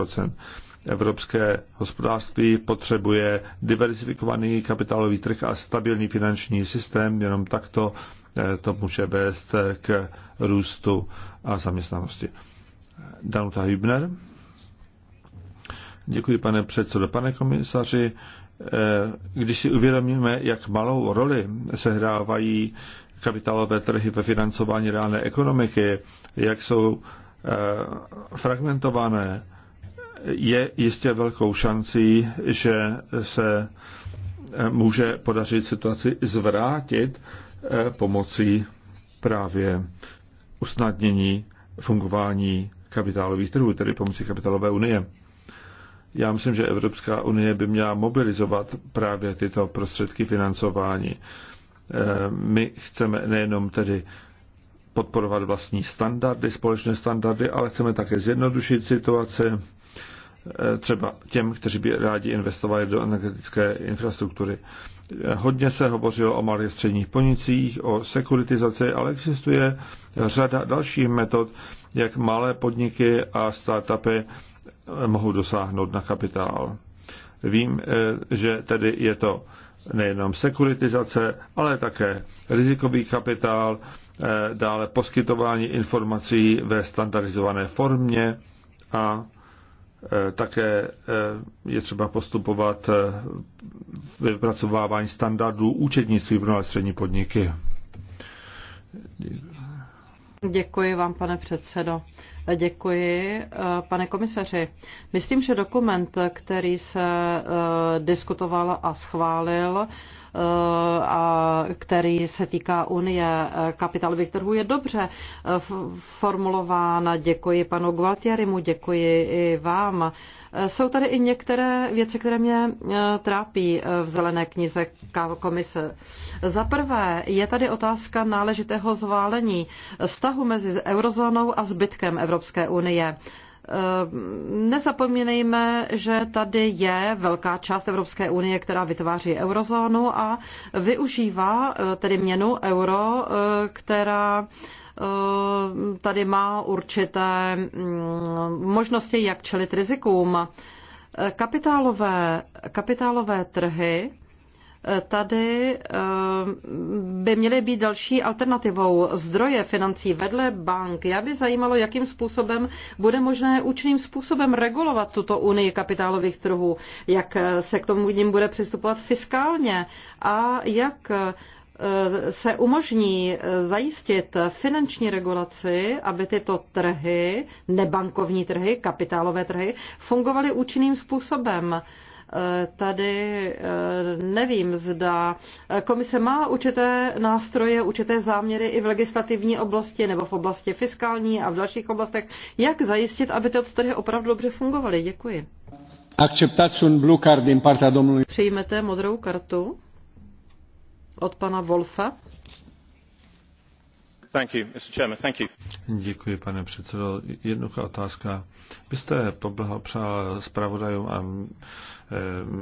Evropské hospodářství potřebuje diversifikovaný kapitálový trh a stabilní finanční systém, jenom takto eh, to může vést eh, k růstu a zaměstnanosti. Danuta Hübner. Děkuji, pane předsedo. Pane komisaři, eh, když si uvědomíme, jak malou roli sehrávají kapitálové trhy ve financování reálné ekonomiky, jak jsou Eh, fragmentované, je jistě velkou šancí, že se eh, může podařit situaci zvrátit eh, pomocí právě usnadnění fungování kapitálových trhů, tedy pomocí kapitálové unie. Já myslím, že Evropská unie by měla mobilizovat právě tyto prostředky financování. My chceme nejenom tedy podporovat vlastní standardy, společné standardy, ale chceme také zjednodušit situaci eh, třeba těm, kteří by rádi investovali do energetické infrastruktury. Eh, hodně se hovořilo o malých středních ponicích, o sekuritizaci, ale existuje řada dalších metod, jak malé podniky a startupy eh, mohou dosáhnout na kapitál. Vím, že tedy je to nejenom sekuritizace, ale také rizikový kapitál, Eh, dále poskytování informací ve standardizované formě a eh, také eh, je třeba postupovat ve vypracovávání standardů účetnictví pro střední podniky. Děkuji vám, pane předsedo. Děkuji, eh, pane komisaři. Myslím, že dokument, který se eh, diskutoval a schválil, eh, a který se týká Unie kapitálových trhů, je dobře formulována. Děkuji panu Gualtierimu, děkuji i vám. Jsou tady i některé věci, které mě trápí v zelené knize komise. Za prvé je tady otázka náležitého zválení vztahu mezi eurozónou a zbytkem Evropy Evropské unie. Ehm, nezapomínejme, že tady je velká část Evropské unie, která vytváří eurozónu a využívá e, tedy měnu euro, e, která e, tady má určité mm, možnosti, jak čelit rizikům. Kapitálové, kapitálové trhy Tady eh, by měly být další alternativou zdroje financí vedle bank. Já by zajímalo, jakým způsobem bude možné účinným způsobem regulovat tuto unii kapitálových trhů, jak se k tomu ním bude přistupovat fiskálně a jak eh, se umožní eh, zajistit finanční regulaci, aby tyto trhy, nebankovní trhy, kapitálové trhy, fungovaly účinným způsobem Tady eh, nevím, zda komise má určité nástroje, určité záměry i v legislativní oblasti nebo v oblasti fiskální a v dalších oblastech, jak zajistit, aby ty trhy opravdu dobře fungovaly. Děkuji. Přijmete modrou kartu od pana Wolfa pane předsedo. Jednoduchá otázka. Byste poblahopřál zpravodajům a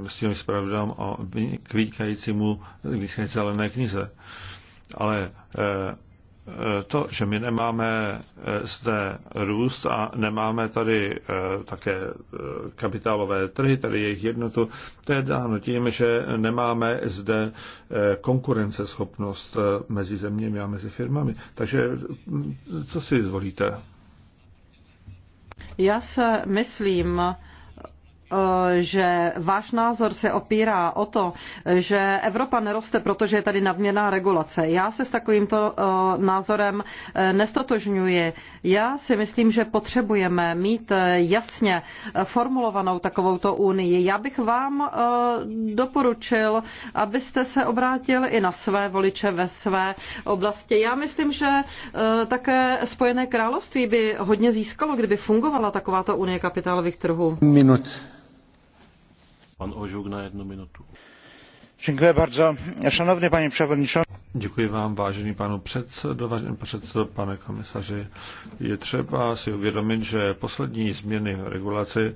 e, stínovým zpravodajům o, k vynikajícímu, vynikající zelené knize. Ale e, Eh, to, že my nemáme eh, zde růst a nemáme tady eh, také kapitálové trhy, tady jejich jednotu, to je dáno tím, že nemáme zde konkurenceschopnost mezi zeměmi a mezi firmami. Takže hm, co si zvolíte? Já se myslím, že váš názor se opírá o to, že Evropa neroste, protože je tady nadměrná regulace. Já se s takovýmto eh, názorem eh, nestotožňuji. Já si myslím, že potřebujeme mít eh, jasně formulovanou takovouto unii. Já bych vám doporučil, abyste se obrátil i na své voliče ve své oblasti. Já myslím, že také Spojené království by hodně získalo, kdyby fungovala takováto unie kapitálových trhů. Minut. Pan Ožuk na jednu minutu. Dziękuję bardzo. Szanowny panie przewodniczący. Děkuji vám, vážený panu předsedo, vážený předsedo, pane komisaři. Je třeba si uvědomit, že poslední změny regulace. regulaci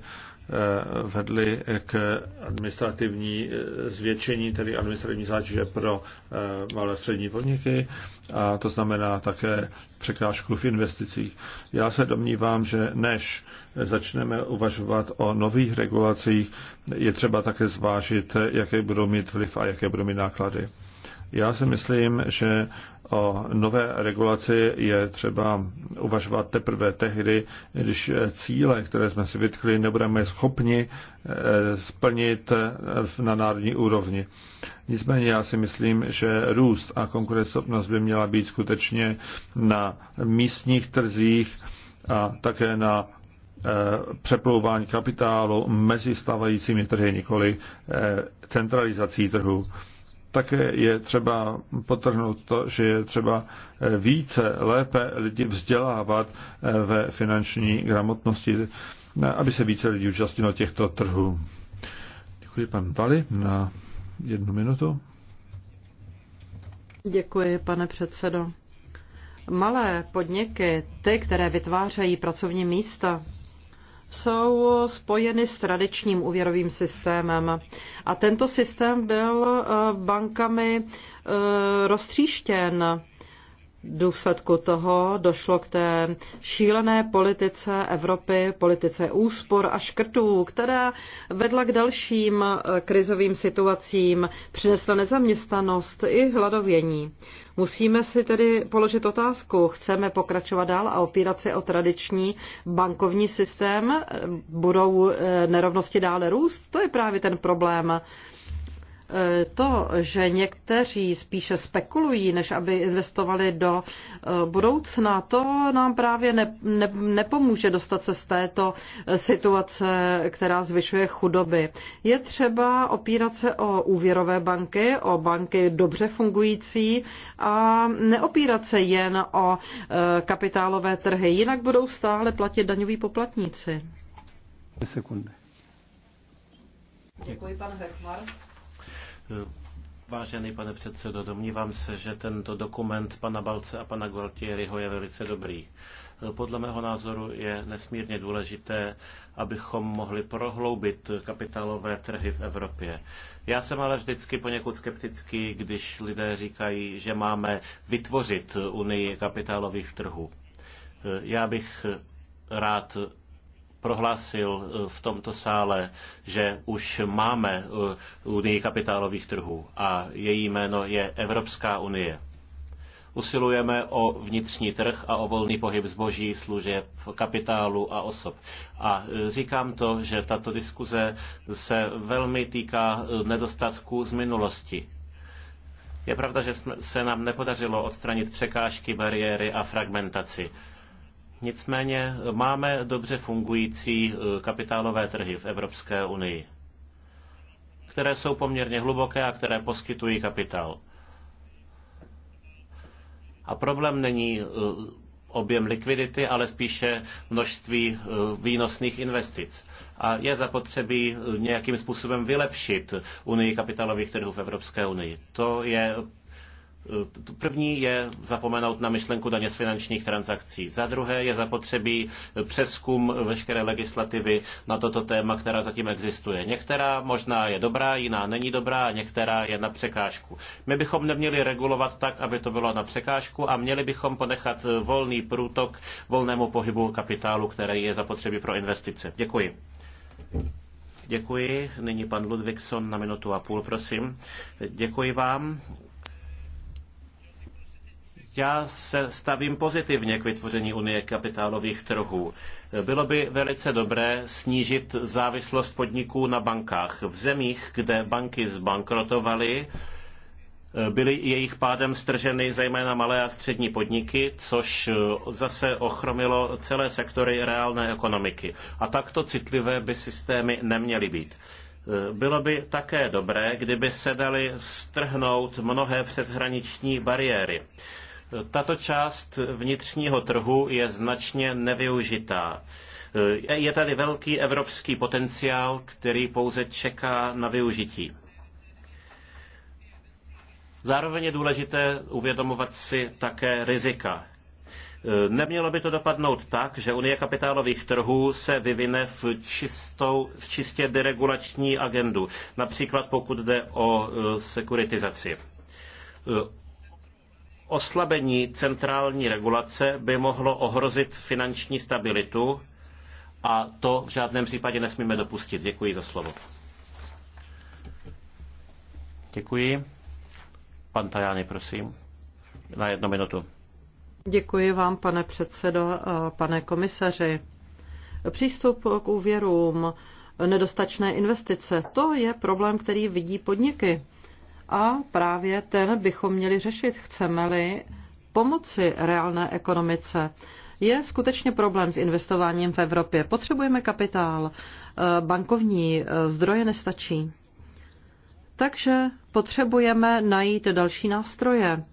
Eh, vedly k administrativní eh, zvětšení, tedy administrativní zátěže pro eh, malé a střední podniky a to znamená také překážku v investicích. Já se domnívám, že než začneme uvažovat o nových regulacích, je třeba také zvážit, jaké budou mít vliv a jaké budou mít náklady. Já si myslím, že o nové regulaci je třeba uvažovat teprve tehdy, když cíle, které jsme si vytkli, nebudeme schopni eh, splnit eh, na národní úrovni. Nicméně já si myslím, že růst a konkurenceschopnost by měla být skutečně na místních trzích a také na eh, přeplouvání kapitálu mezi stávajícími trhy, nikoli centralizací trhu. Také je třeba potrhnout to, že je třeba eh, více, lépe lidi vzdělávat eh, ve finanční gramotnosti, aby se více lidí účastnilo těchto trhů. Děkuji pan Vali na jednu minutu. Děkuji, pane předsedo. Malé podniky, ty, které vytvářejí pracovní místa, jsou spojeny s tradičním úvěrovým systémem. A tento systém byl eh, bankami eh, roztříštěn důsledku toho došlo k té šílené politice Evropy, politice úspor a škrtů, která vedla k dalším eh, krizovým situacím, přinesla nezaměstnanost i hladovění. Musíme si tedy položit otázku, chceme pokračovat dál a opírat se o tradiční bankovní systém, eh, budou eh, nerovnosti dále růst? To je právě ten problém to, že někteří spíše spekulují, než aby investovali do eh, budoucna, to nám právě ne, ne, nepomůže dostat se z této eh, situace, která zvyšuje chudoby. Je třeba opírat se o úvěrové banky, o banky dobře fungující a neopírat se jen o eh, kapitálové trhy, jinak budou stále platit daňoví poplatníci. Sekundy. Děkuji, pan Hekmar. Vážený pane předsedo, domnívám se, že tento dokument pana Balce a pana Gualtieriho je velice dobrý. Podle mého názoru je nesmírně důležité, abychom mohli prohloubit kapitálové trhy v Evropě. Já jsem ale vždycky poněkud skeptický, když lidé říkají, že máme vytvořit unii kapitálových trhů. Já bych rád prohlásil eh, v tomto sále, že už máme eh, Unii kapitálových trhů a její jméno je Evropská unie. Usilujeme o vnitřní trh a o volný pohyb zboží, služeb, kapitálu a osob. A eh, říkám to, že tato diskuze se velmi týká nedostatků z minulosti. Je pravda, že se nám nepodařilo odstranit překážky, bariéry a fragmentaci. Nicméně máme dobře fungující eh, kapitálové trhy v Evropské unii, které jsou poměrně hluboké a které poskytují kapitál. A problém není eh, objem likvidity, ale spíše množství eh, výnosných investic. A je zapotřebí nějakým způsobem vylepšit unii kapitálových trhů v Evropské unii. To je První je zapomenout na myšlenku daně z finančních transakcí. Za druhé je zapotřebí přeskum veškeré legislativy na toto téma, která zatím existuje. Některá možná je dobrá, jiná není dobrá, a některá je na překážku. My bychom neměli regulovat tak, aby to bylo na překážku a měli bychom ponechat volný průtok volnému pohybu kapitálu, který je zapotřebí pro investice. Děkuji. Děkuji. Nyní pan Ludvíkson na minutu a půl, prosím. Děkuji vám. Já se stavím pozitivně k vytvoření Unie kapitálových trhů. Bylo by velice dobré snížit závislost podniků na bankách. V zemích, kde banky zbankrotovaly, byly jejich pádem strženy zejména malé a střední podniky, což zase ochromilo celé sektory reálné ekonomiky. A takto citlivé by systémy neměly být. Bylo by také dobré, kdyby se daly strhnout mnohé přeshraniční bariéry. Tato část vnitřního trhu je značně nevyužitá. Je tady velký evropský potenciál, který pouze čeká na využití. Zároveň je důležité uvědomovat si také rizika. Nemělo by to dopadnout tak, že Unie kapitálových trhů se vyvine v, čistou, v čistě deregulační agendu, například pokud jde o eh, sekuritizaci. Oslabení centrální regulace by mohlo ohrozit finanční stabilitu a to v žádném případě nesmíme dopustit. Děkuji za slovo. Děkuji. Pan Tajány, prosím, na jednu minutu. Děkuji vám, pane předsedo, pane komisaři. Přístup k úvěrům, nedostačné investice, to je problém, který vidí podniky. A právě ten bychom měli řešit, chceme-li pomoci reálné ekonomice. Je skutečně problém s investováním v Evropě. Potřebujeme kapitál, e, bankovní e, zdroje nestačí. Takže potřebujeme najít další nástroje,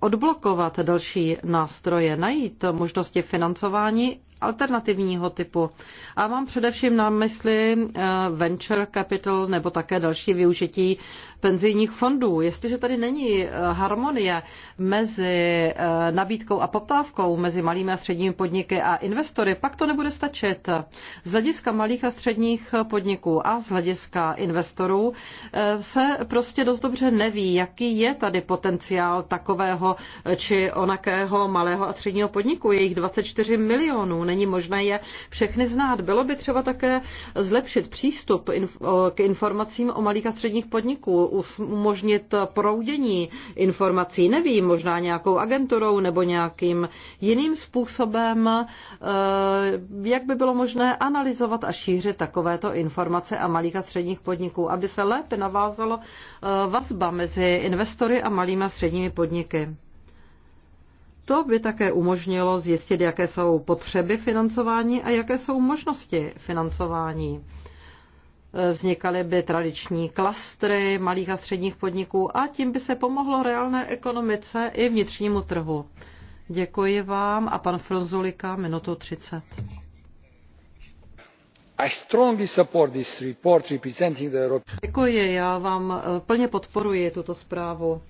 odblokovat další nástroje, najít možnosti financování alternativního typu. A mám především na mysli eh, venture capital nebo také další využití penzijních fondů. Jestliže tady není eh, harmonie mezi eh, nabídkou a poptávkou, mezi malými a středními podniky a investory, pak to nebude stačit. Z hlediska malých a středních podniků a z hlediska investorů se prostě dost dobře neví, jaký je tady potenciál takového či onakého malého a středního podniku. Jejich 24 milionů není možné je všechny znát. Bylo by třeba také zlepšit přístup k informacím o malých a středních podniků, umožnit proudění informací, nevím, možná nějakou agenturou nebo nějakým jiným způsobem, eh, jak by bylo možné analyzovat a šířit takovéto informace a malých a středních podniků, aby se lépe navázalo eh, vazba mezi investory a malými a středními podniky. To by také umožnilo zjistit, jaké jsou potřeby financování a jaké jsou možnosti financování. Vznikaly by tradiční klastry malých a středních podniků a tím by se pomohlo reálné ekonomice i vnitřnímu trhu. Děkuji vám a pan Fronzulika, minutu 30. I strongly support this report representing the Děkuji, já vám plně podporuji tuto zprávu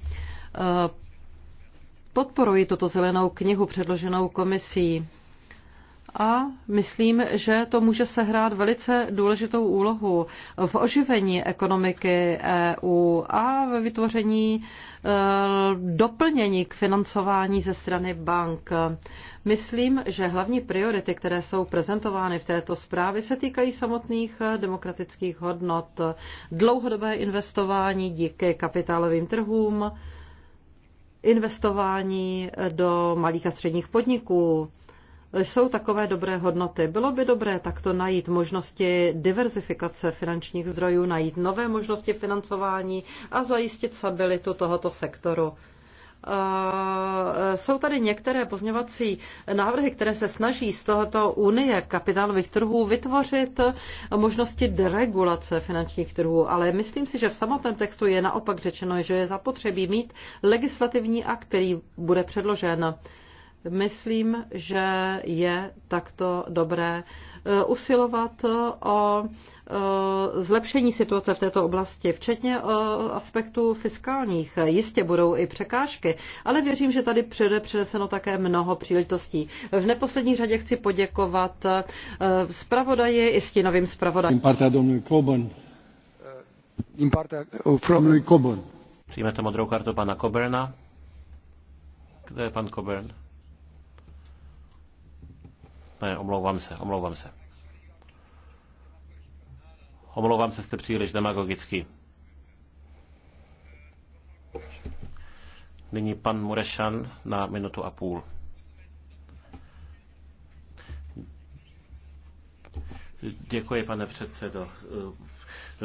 podporuji tuto zelenou knihu předloženou komisí a myslím, že to může sehrát velice důležitou úlohu v oživení ekonomiky EU a ve vytvoření eh, doplnění k financování ze strany bank. Myslím, že hlavní priority, které jsou prezentovány v této zprávě, se týkají samotných eh, demokratických hodnot, dlouhodobé investování díky kapitálovým trhům, investování eh, do malých a středních podniků. Jsou takové dobré hodnoty. Bylo by dobré takto najít možnosti diverzifikace finančních zdrojů, najít nové možnosti financování a zajistit stabilitu tohoto sektoru. Eh, jsou tady některé pozňovací návrhy, které se snaží z tohoto unie kapitálových trhů vytvořit možnosti deregulace finančních trhů, ale myslím si, že v samotném textu je naopak řečeno, že je zapotřebí mít legislativní akt, který bude předložen. Myslím, že je takto dobré eh, usilovat o eh, zlepšení situace v této oblasti, včetně eh, aspektů fiskálních. Jistě budou i překážky, ale věřím, že tady přede přeneseno také mnoho příležitostí. V neposlední řadě chci poděkovat zpravodaji i stinovým zpravodajům. Přijmete modrou kartu pana Coberna. Kde je pan Coburn? ne, omlouvám se, omlouvám se. Omlouvám se, jste příliš demagogický. Nyní pan Murešan na minutu a půl. Děkuji, pane předsedo.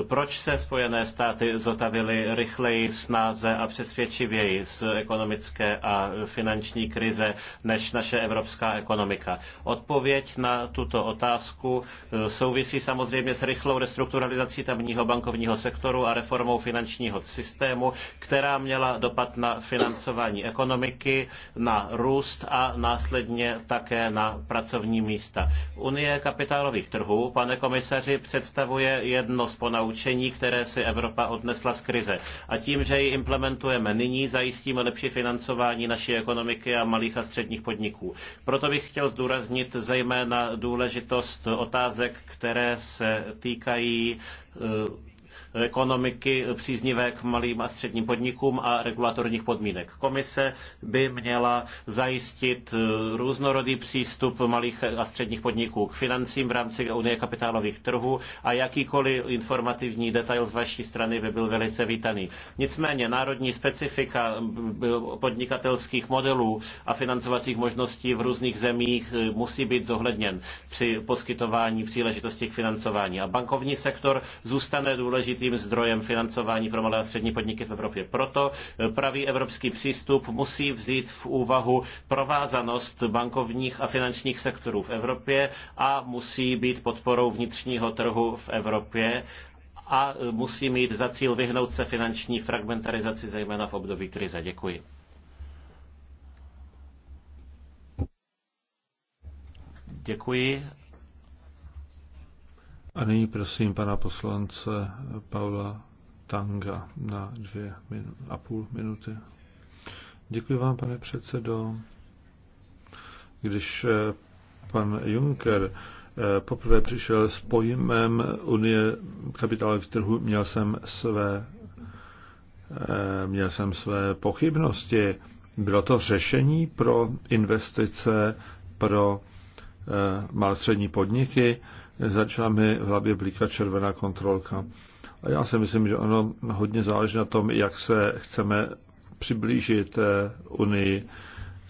Proč se Spojené státy zotavily rychleji, snáze a přesvědčivěji z ekonomické a finanční krize než naše evropská ekonomika? Odpověď na tuto otázku eh, souvisí samozřejmě s rychlou restrukturalizací tamního bankovního sektoru a reformou finančního systému, která měla dopad na financování ekonomiky, na růst a následně také na pracovní místa. Unie kapitálových trhů, pane komisaři, představuje jedno z ponad naučení, které si Evropa odnesla z krize. A tím, že ji implementujeme nyní, zajistíme lepší financování naší ekonomiky a malých a středních podniků. Proto bych chtěl zdůraznit zejména důležitost otázek, které se týkají eh, ekonomiky příznivé k malým a středním podnikům a regulatorních podmínek. Komise by měla zajistit eh, různorodý přístup malých a středních podniků k financím v rámci Unie kapitálových trhů a jakýkoliv informativní detail z vaší strany by byl velice vítaný. Nicméně národní specifika eh, podnikatelských modelů a financovacích možností v různých zemích eh, musí být zohledněn při poskytování příležitosti k financování. A bankovní sektor zůstane důležitý důležitým zdrojem financování pro malé a střední podniky v Evropě. Proto eh, pravý evropský přístup musí vzít v úvahu provázanost bankovních a finančních sektorů v Evropě a musí být podporou vnitřního trhu v Evropě a eh, musí mít za cíl vyhnout se finanční fragmentarizaci, zejména v období krize. Děkuji. Děkuji a nyní prosím pana poslance Pavla Tanga na dvě a půl minuty. Děkuji vám, pane předsedo. Když eh, pan Juncker eh, poprvé přišel s pojmem Unie kapitálových trhů, měl jsem své, eh, měl jsem své pochybnosti. Bylo to řešení pro investice, pro malostřední podniky začala mi v hlavě blikat červená kontrolka. A já si myslím, že ono hodně záleží na tom, jak se chceme přiblížit eh, Unii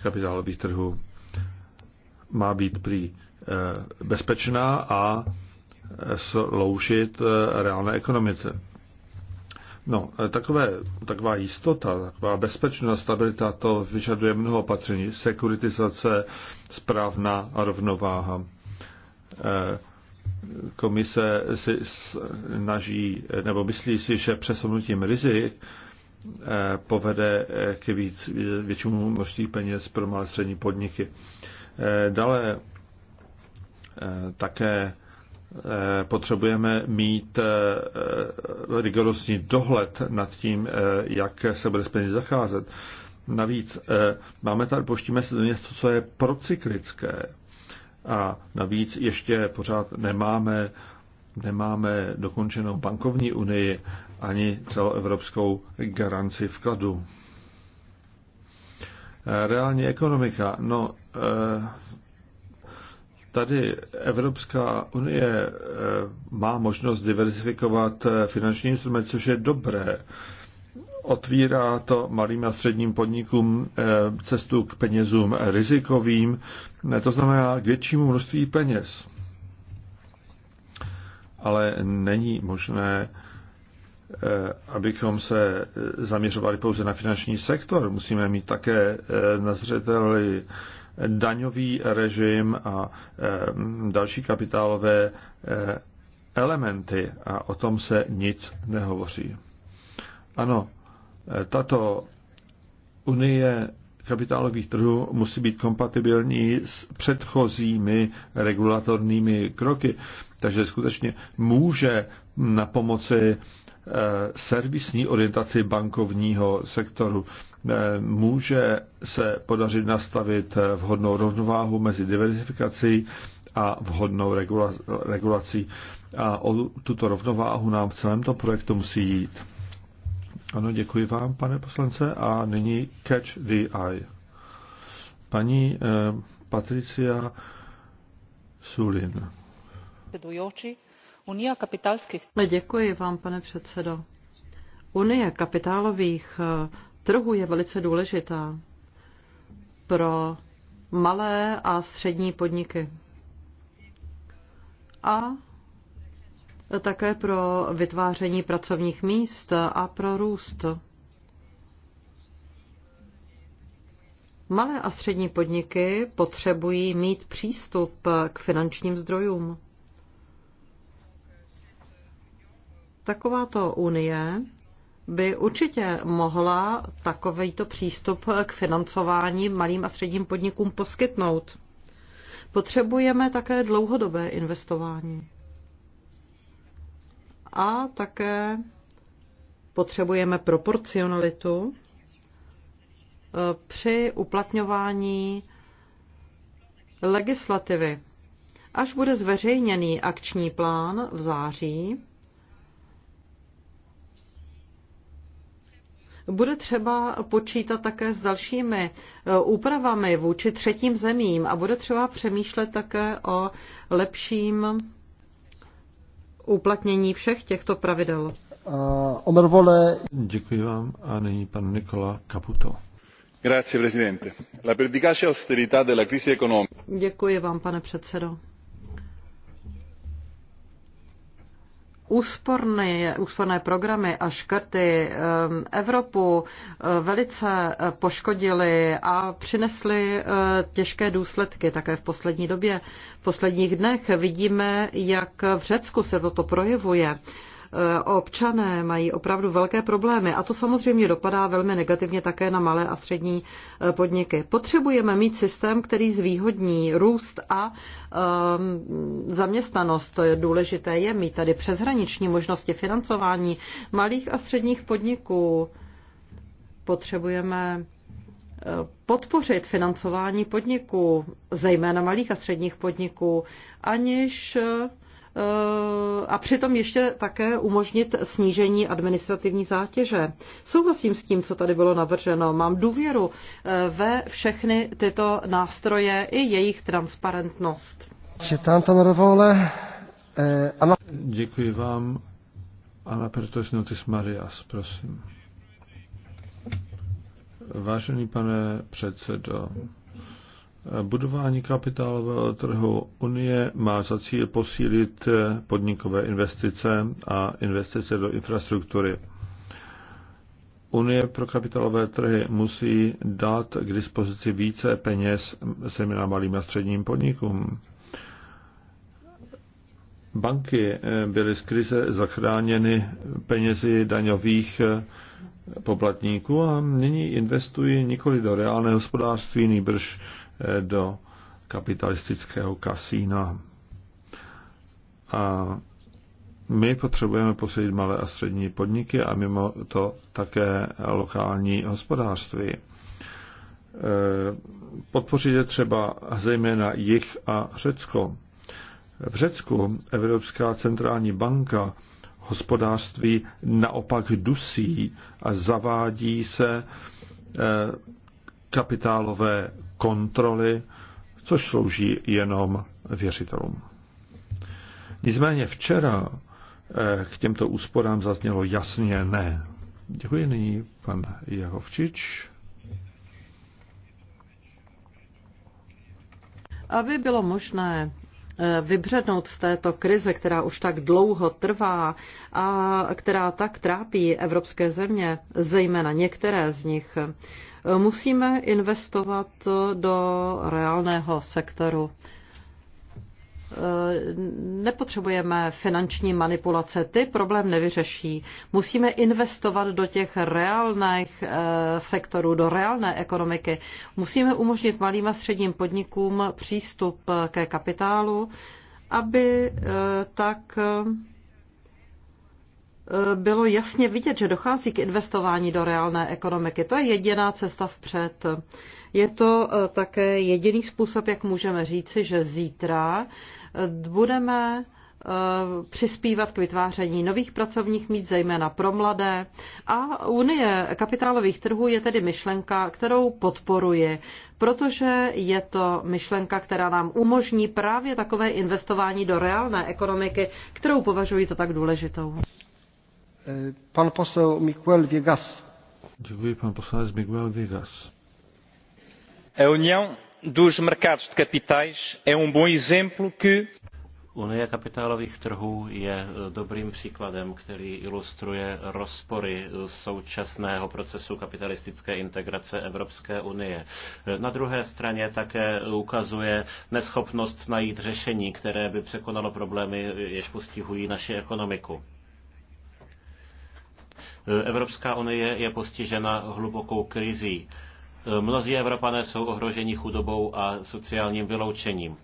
kapitálových trhů. Má být prý eh, bezpečná a eh, sloužit reálné ekonomice. No, takové, taková jistota, taková bezpečná stabilita, to vyžaduje mnoho opatření. Sekuritizace, správná a rovnováha komise si snaží, nebo myslí si, že přesunutím rizik eh, povede eh, k víc, většímu množství peněz pro malé střední podniky. Eh, dále také potřebujeme mít rigorózní dohled nad tím, jak se bude s penězi zacházet. Navíc máme tady, poštíme se do něco, co je procyklické. A navíc ještě pořád nemáme, nemáme dokončenou bankovní unii ani celoevropskou garanci vkladu. Eh, Reální ekonomika. No, eh, tady Evropská unie eh, má možnost diversifikovat finanční instrument, což je dobré otvírá to malým a středním podnikům eh, cestu k penězům rizikovým, eh, to znamená k většímu množství peněz. Ale není možné, eh, abychom se zaměřovali pouze na finanční sektor. Musíme mít také na zřeteli daňový režim a další kapitálové elementy a o tom se nic nehovoří. Ano, eh, tato unie kapitálových trhů musí být kompatibilní s předchozími regulatorními kroky. Takže skutečně může na pomoci eh, servisní orientaci bankovního sektoru. Eh, může se podařit nastavit vhodnou rovnováhu mezi diversifikací a vhodnou regulací. A o tuto rovnováhu nám v celém tom projektu musí jít. Ano, děkuji vám, pane poslance. A nyní Catch the Eye. Paní eh, Patricia Sulin. Děkuji vám, pane předsedo. Unie kapitálových eh, trhů je velice důležitá pro malé a střední podniky. A také pro vytváření pracovních míst a pro růst. Malé a střední podniky potřebují mít přístup k finančním zdrojům. Takováto unie by určitě mohla takovýto přístup k financování malým a středním podnikům poskytnout. Potřebujeme také dlouhodobé investování a také potřebujeme proporcionalitu eh, při uplatňování legislativy. Až bude zveřejněný akční plán v září, Bude třeba počítat také s dalšími eh, úpravami vůči třetím zemím a bude třeba přemýšlet také o lepším uplatnění všech těchto pravidel. Uh, Děkuji vám a nyní pan Nikola Caputo. Grazie, presidente. La pervicace austerità della crisi economica. Děkuji vám, pane předsedo. úsporné, úsporné programy a škrty ehm, Evropu eh, velice eh, poškodily a přinesly eh, těžké důsledky. Také v poslední době, v posledních dnech vidíme, jak v Řecku se toto projevuje. Eh, občané mají opravdu velké problémy a to samozřejmě dopadá velmi negativně také na malé a střední eh, podniky. Potřebujeme mít systém, který zvýhodní růst a ehm, zaměstnanost. To je důležité je mít tady přeshraniční možnosti financování malých a středních podniků. Potřebujeme eh, podpořit financování podniků, zejména malých a středních podniků, aniž Eh, a přitom ještě také umožnit snížení administrativní zátěže. Souhlasím s tím, co tady bylo navrženo. Mám důvěru eh, ve všechny tyto nástroje i jejich transparentnost. Eh, Děkuji vám. Ana Pertoš Notis Marias, prosím. Vážený pane předsedo, Budování kapitálového trhu Unie má za cíl posílit podnikové investice a investice do infrastruktury. Unie pro kapitálové trhy musí dát k dispozici více peněz zejména malým a středním podnikům. Banky byly z krize zachráněny penězi daňových poplatníků a nyní investují nikoli do reálného hospodářství, nýbrž do kapitalistického kasína. A my potřebujeme posílit malé a střední podniky a mimo to také lokální hospodářství. E, podpořit je třeba zejména jich a Řecko. V Řecku Evropská centrální banka hospodářství naopak dusí a zavádí se e, kapitálové kontroly, což slouží jenom věřitelům. Nicméně včera eh, k těmto úsporám zaznělo jasně ne. Děkuji nyní pan Jehovčič. Aby bylo možné eh, vybřednout z této krize, která už tak dlouho trvá a která tak trápí evropské země, zejména některé z nich, Musíme investovat do reálného sektoru. Nepotřebujeme finanční manipulace, ty problém nevyřeší. Musíme investovat do těch reálných eh, sektorů, do reálné ekonomiky. Musíme umožnit malým a středním podnikům přístup ke kapitálu, aby eh, tak Eh, bylo jasně vidět, že dochází k investování do reálné ekonomiky. To je jediná cesta vpřed. Je to eh, také jediný způsob, jak můžeme říci, že zítra eh, budeme přispívat k vytváření nových pracovních míst, zejména pro mladé. A Unie kapitálových trhů je tedy myšlenka, kterou podporuji, protože je to myšlenka, která nám umožní právě takové investování do reálné ekonomiky, kterou považuji za tak důležitou. E, pan Miguel pan poslanec Miguel Viegas. A União dos mercados de capitais é um bom exemplo que Unie kapitálových trhů je e, dobrým příkladem, který ilustruje rozpory současného procesu kapitalistické integrace Evropské unie. E, na druhé straně také ukazuje neschopnost najít řešení, které by překonalo problémy, jež postihují naši ekonomiku. Evropská unie je postižena hlubokou krizí. Mnozí Evropané jsou ohroženi chudobou a sociálním vyloučením.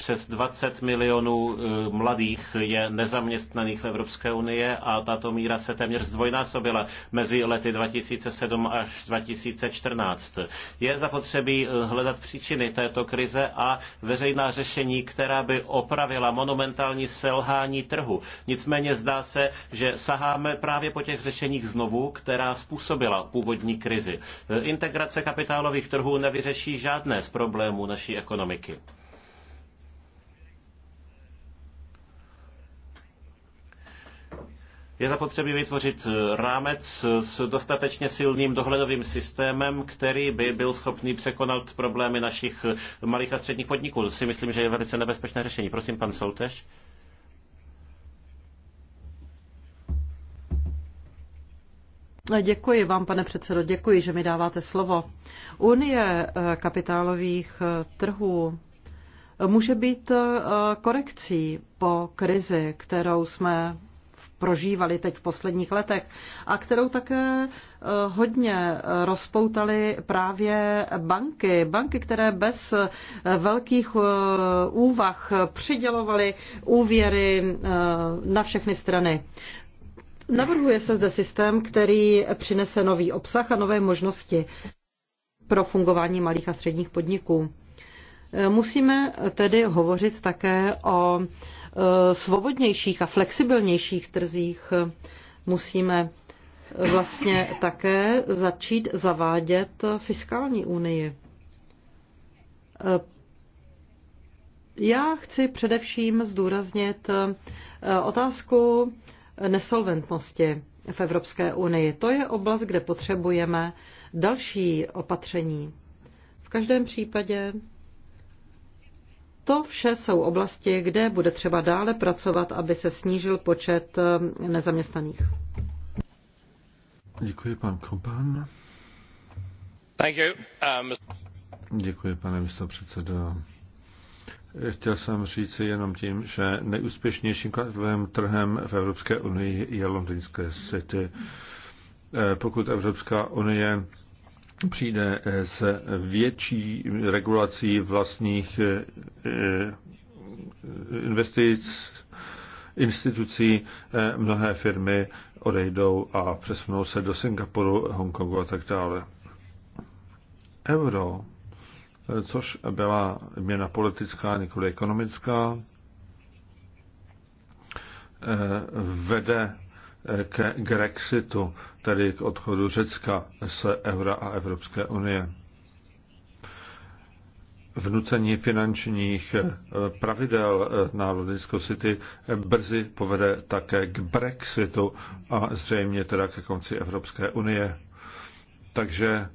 Přes 20 milionů eh, mladých je nezaměstnaných v Evropské unii a tato míra se téměř zdvojnásobila mezi lety 2007 až 2014. Je zapotřebí eh, hledat příčiny této krize a veřejná řešení, která by opravila monumentální selhání trhu. Nicméně zdá se, že saháme právě po těch řešeních znovu, která způsobila původní krizi. Eh, integrace kapitálových trhů nevyřeší žádné z problémů naší ekonomiky. Je zapotřebí vytvořit eh, rámec eh, s dostatečně silným dohledovým systémem, který by byl schopný překonat problémy našich eh, malých a středních podniků. To si myslím, že je velice nebezpečné řešení. Prosím, pan Soutež. Děkuji vám, pane předsedo, děkuji, že mi dáváte slovo. Unie kapitálových trhů může být korekcí po krizi, kterou jsme prožívali teď v posledních letech a kterou také eh, hodně rozpoutaly právě banky. Banky, které bez eh, velkých eh, úvah přidělovaly úvěry na všechny strany. Navrhuje se zde systém, který přinese nový obsah a nové možnosti pro fungování malých a středních podniků. Musíme tedy hovořit také o Eh, svobodnějších a flexibilnějších trzích eh, musíme eh, vlastně také začít zavádět fiskální unii. Já chci především zdůraznit otázku nesolventnosti v Evropské unii. To je oblast, kde potřebujeme další opatření. V každém případě to vše jsou oblasti, kde bude třeba dále pracovat, aby se snížil počet eh, nezaměstnaných. Děkuji, pan Koban. Thank you. Uh, Děkuji, pane místopředsedo. Chtěl jsem říci jenom tím, že nejúspěšnějším kladovým trhem v Evropské unii je londýnské city. Eh, pokud Evropská unie přijde eh, s větší regulací vlastních eh, eh, investic, institucí, mnohé firmy odejdou a přesunou se do Singapuru, Hongkongu a tak dále. Euro, což byla měna politická, nikoli ekonomická, vede k Grexitu, tedy k odchodu Řecka z evra a Evropské unie. Vnucení finančních eh, pravidel eh, na Londýnsko City eh, brzy povede také k Brexitu a zřejmě teda ke konci Evropské unie. Takže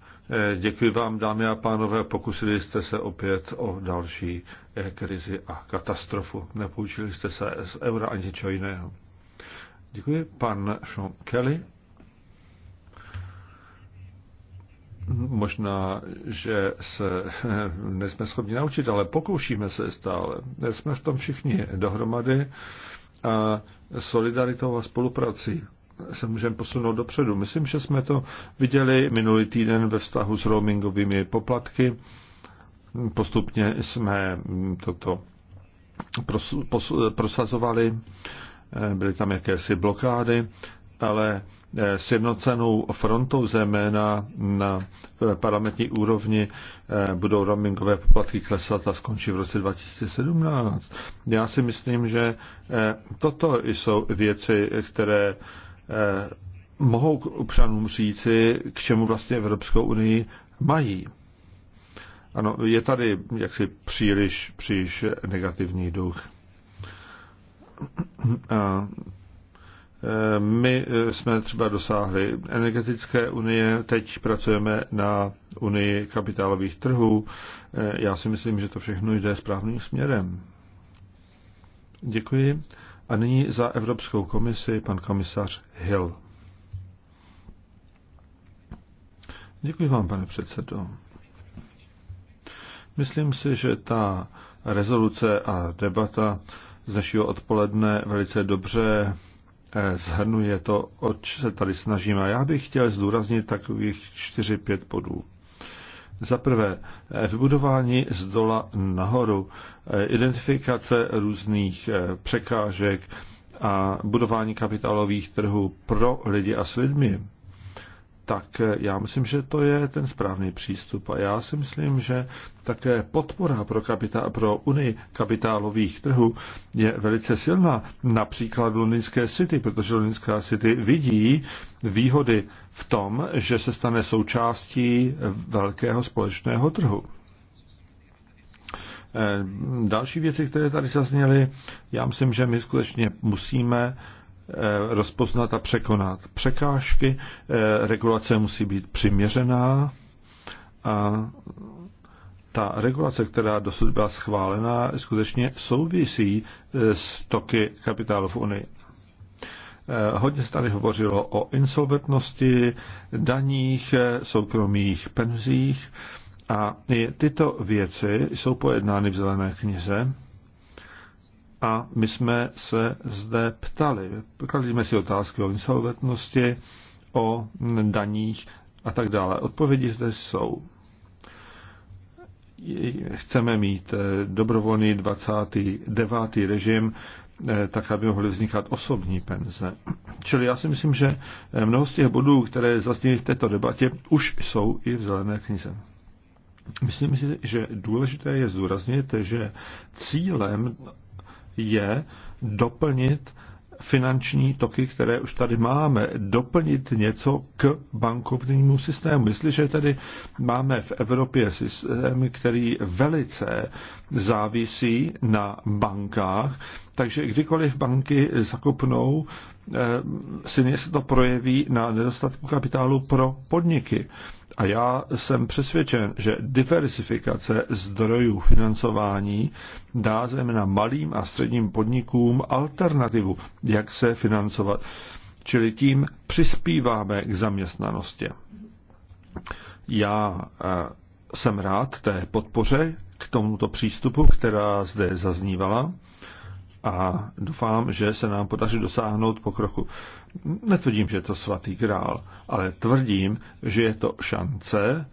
děkuji vám, dámy a pánové, pokusili jste se opět o další krizi a katastrofu. Nepoučili jste se z eura ani ničeho jiného. Děkuji. Pan Sean Kelly. Možná, že se nejsme schopni naučit, ale pokoušíme se stále. Jsme v tom všichni dohromady a solidaritou a spoluprací se můžeme posunout dopředu. Myslím, že jsme to viděli minulý týden ve vztahu s roamingovými poplatky. Postupně jsme toto prosazovali Eh, byly tam jakési blokády, ale eh, sjednocenou frontou zejména na eh, parlamentní úrovni budou roamingové poplatky klesat a skončí v roce 2017. Já si myslím, že toto jsou věci, které mohou k občanům říci, k čemu vlastně Evropskou unii mají. Ano, je tady jaksi příliš, příliš negativní duch. Eh, my eh, jsme třeba dosáhli energetické unie, teď pracujeme na unii kapitálových trhů. Eh, já si myslím, že to všechno jde správným směrem. Děkuji. A nyní za Evropskou komisi pan komisař Hill. Děkuji vám, pane předsedo. Myslím si, že ta rezoluce a debata z našeho odpoledne velice dobře eh, zhrnuje to, oč se tady snažíme. Já bych chtěl zdůraznit takových 4-5 bodů. Za prvé, eh, vybudování z dola nahoru, eh, identifikace různých překážek a budování kapitálových trhů pro lidi a s lidmi tak já myslím, že to je ten správný přístup. A já si myslím, že také podpora pro, kapitál, pro Unii kapitálových trhů je velice silná. Například Londýnské City, protože Londýnská City vidí výhody v tom, že se stane součástí velkého společného trhu. Eh, další věci, které tady zazněly, já myslím, že my skutečně musíme Eh, rozpoznat a překonat překážky. Eh, regulace musí být přiměřená a ta regulace, která dosud byla schválená, skutečně souvisí eh, s toky kapitálu v Unii. Hodně se tady hovořilo o insolventnosti, daních, soukromých penzích a tyto věci jsou pojednány v zelené knize a my jsme se zde ptali. Kladli jsme si otázky o insolventnosti, o daních a tak dále. Odpovědi zde jsou. Chceme mít eh, dobrovolný 29. režim, eh, tak aby mohly vznikat osobní penze. Čili já si myslím, že eh, mnoho z těch bodů, které zazněly v této debatě, už jsou i v zelené knize. Myslím si, že důležité je zdůraznit, že cílem je doplnit finanční toky, které už tady máme, doplnit něco k bankovnímu systému. Jestliže tedy máme v Evropě systém, který velice závisí na bankách, takže kdykoliv banky zakopnou, eh, silně se to projeví na nedostatku kapitálu pro podniky. A já jsem přesvědčen, že diversifikace zdrojů financování dá zejména malým a středním podnikům alternativu, jak se financovat. Čili tím přispíváme k zaměstnanosti. Já eh, jsem rád té podpoře k tomuto přístupu, která zde zaznívala a doufám, že se nám podaří dosáhnout pokroku. Netvrdím, že je to svatý král, ale tvrdím, že je to šance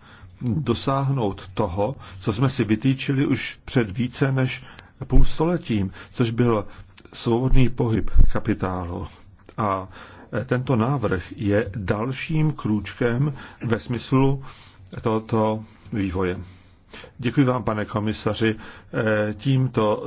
dosáhnout toho, co jsme si vytýčili už před více než půl stoletím, což byl svobodný pohyb kapitálu. A e, tento návrh je dalším krůčkem ve smyslu tohoto vývoje. Děkuji vám, pane komisaři. E, tímto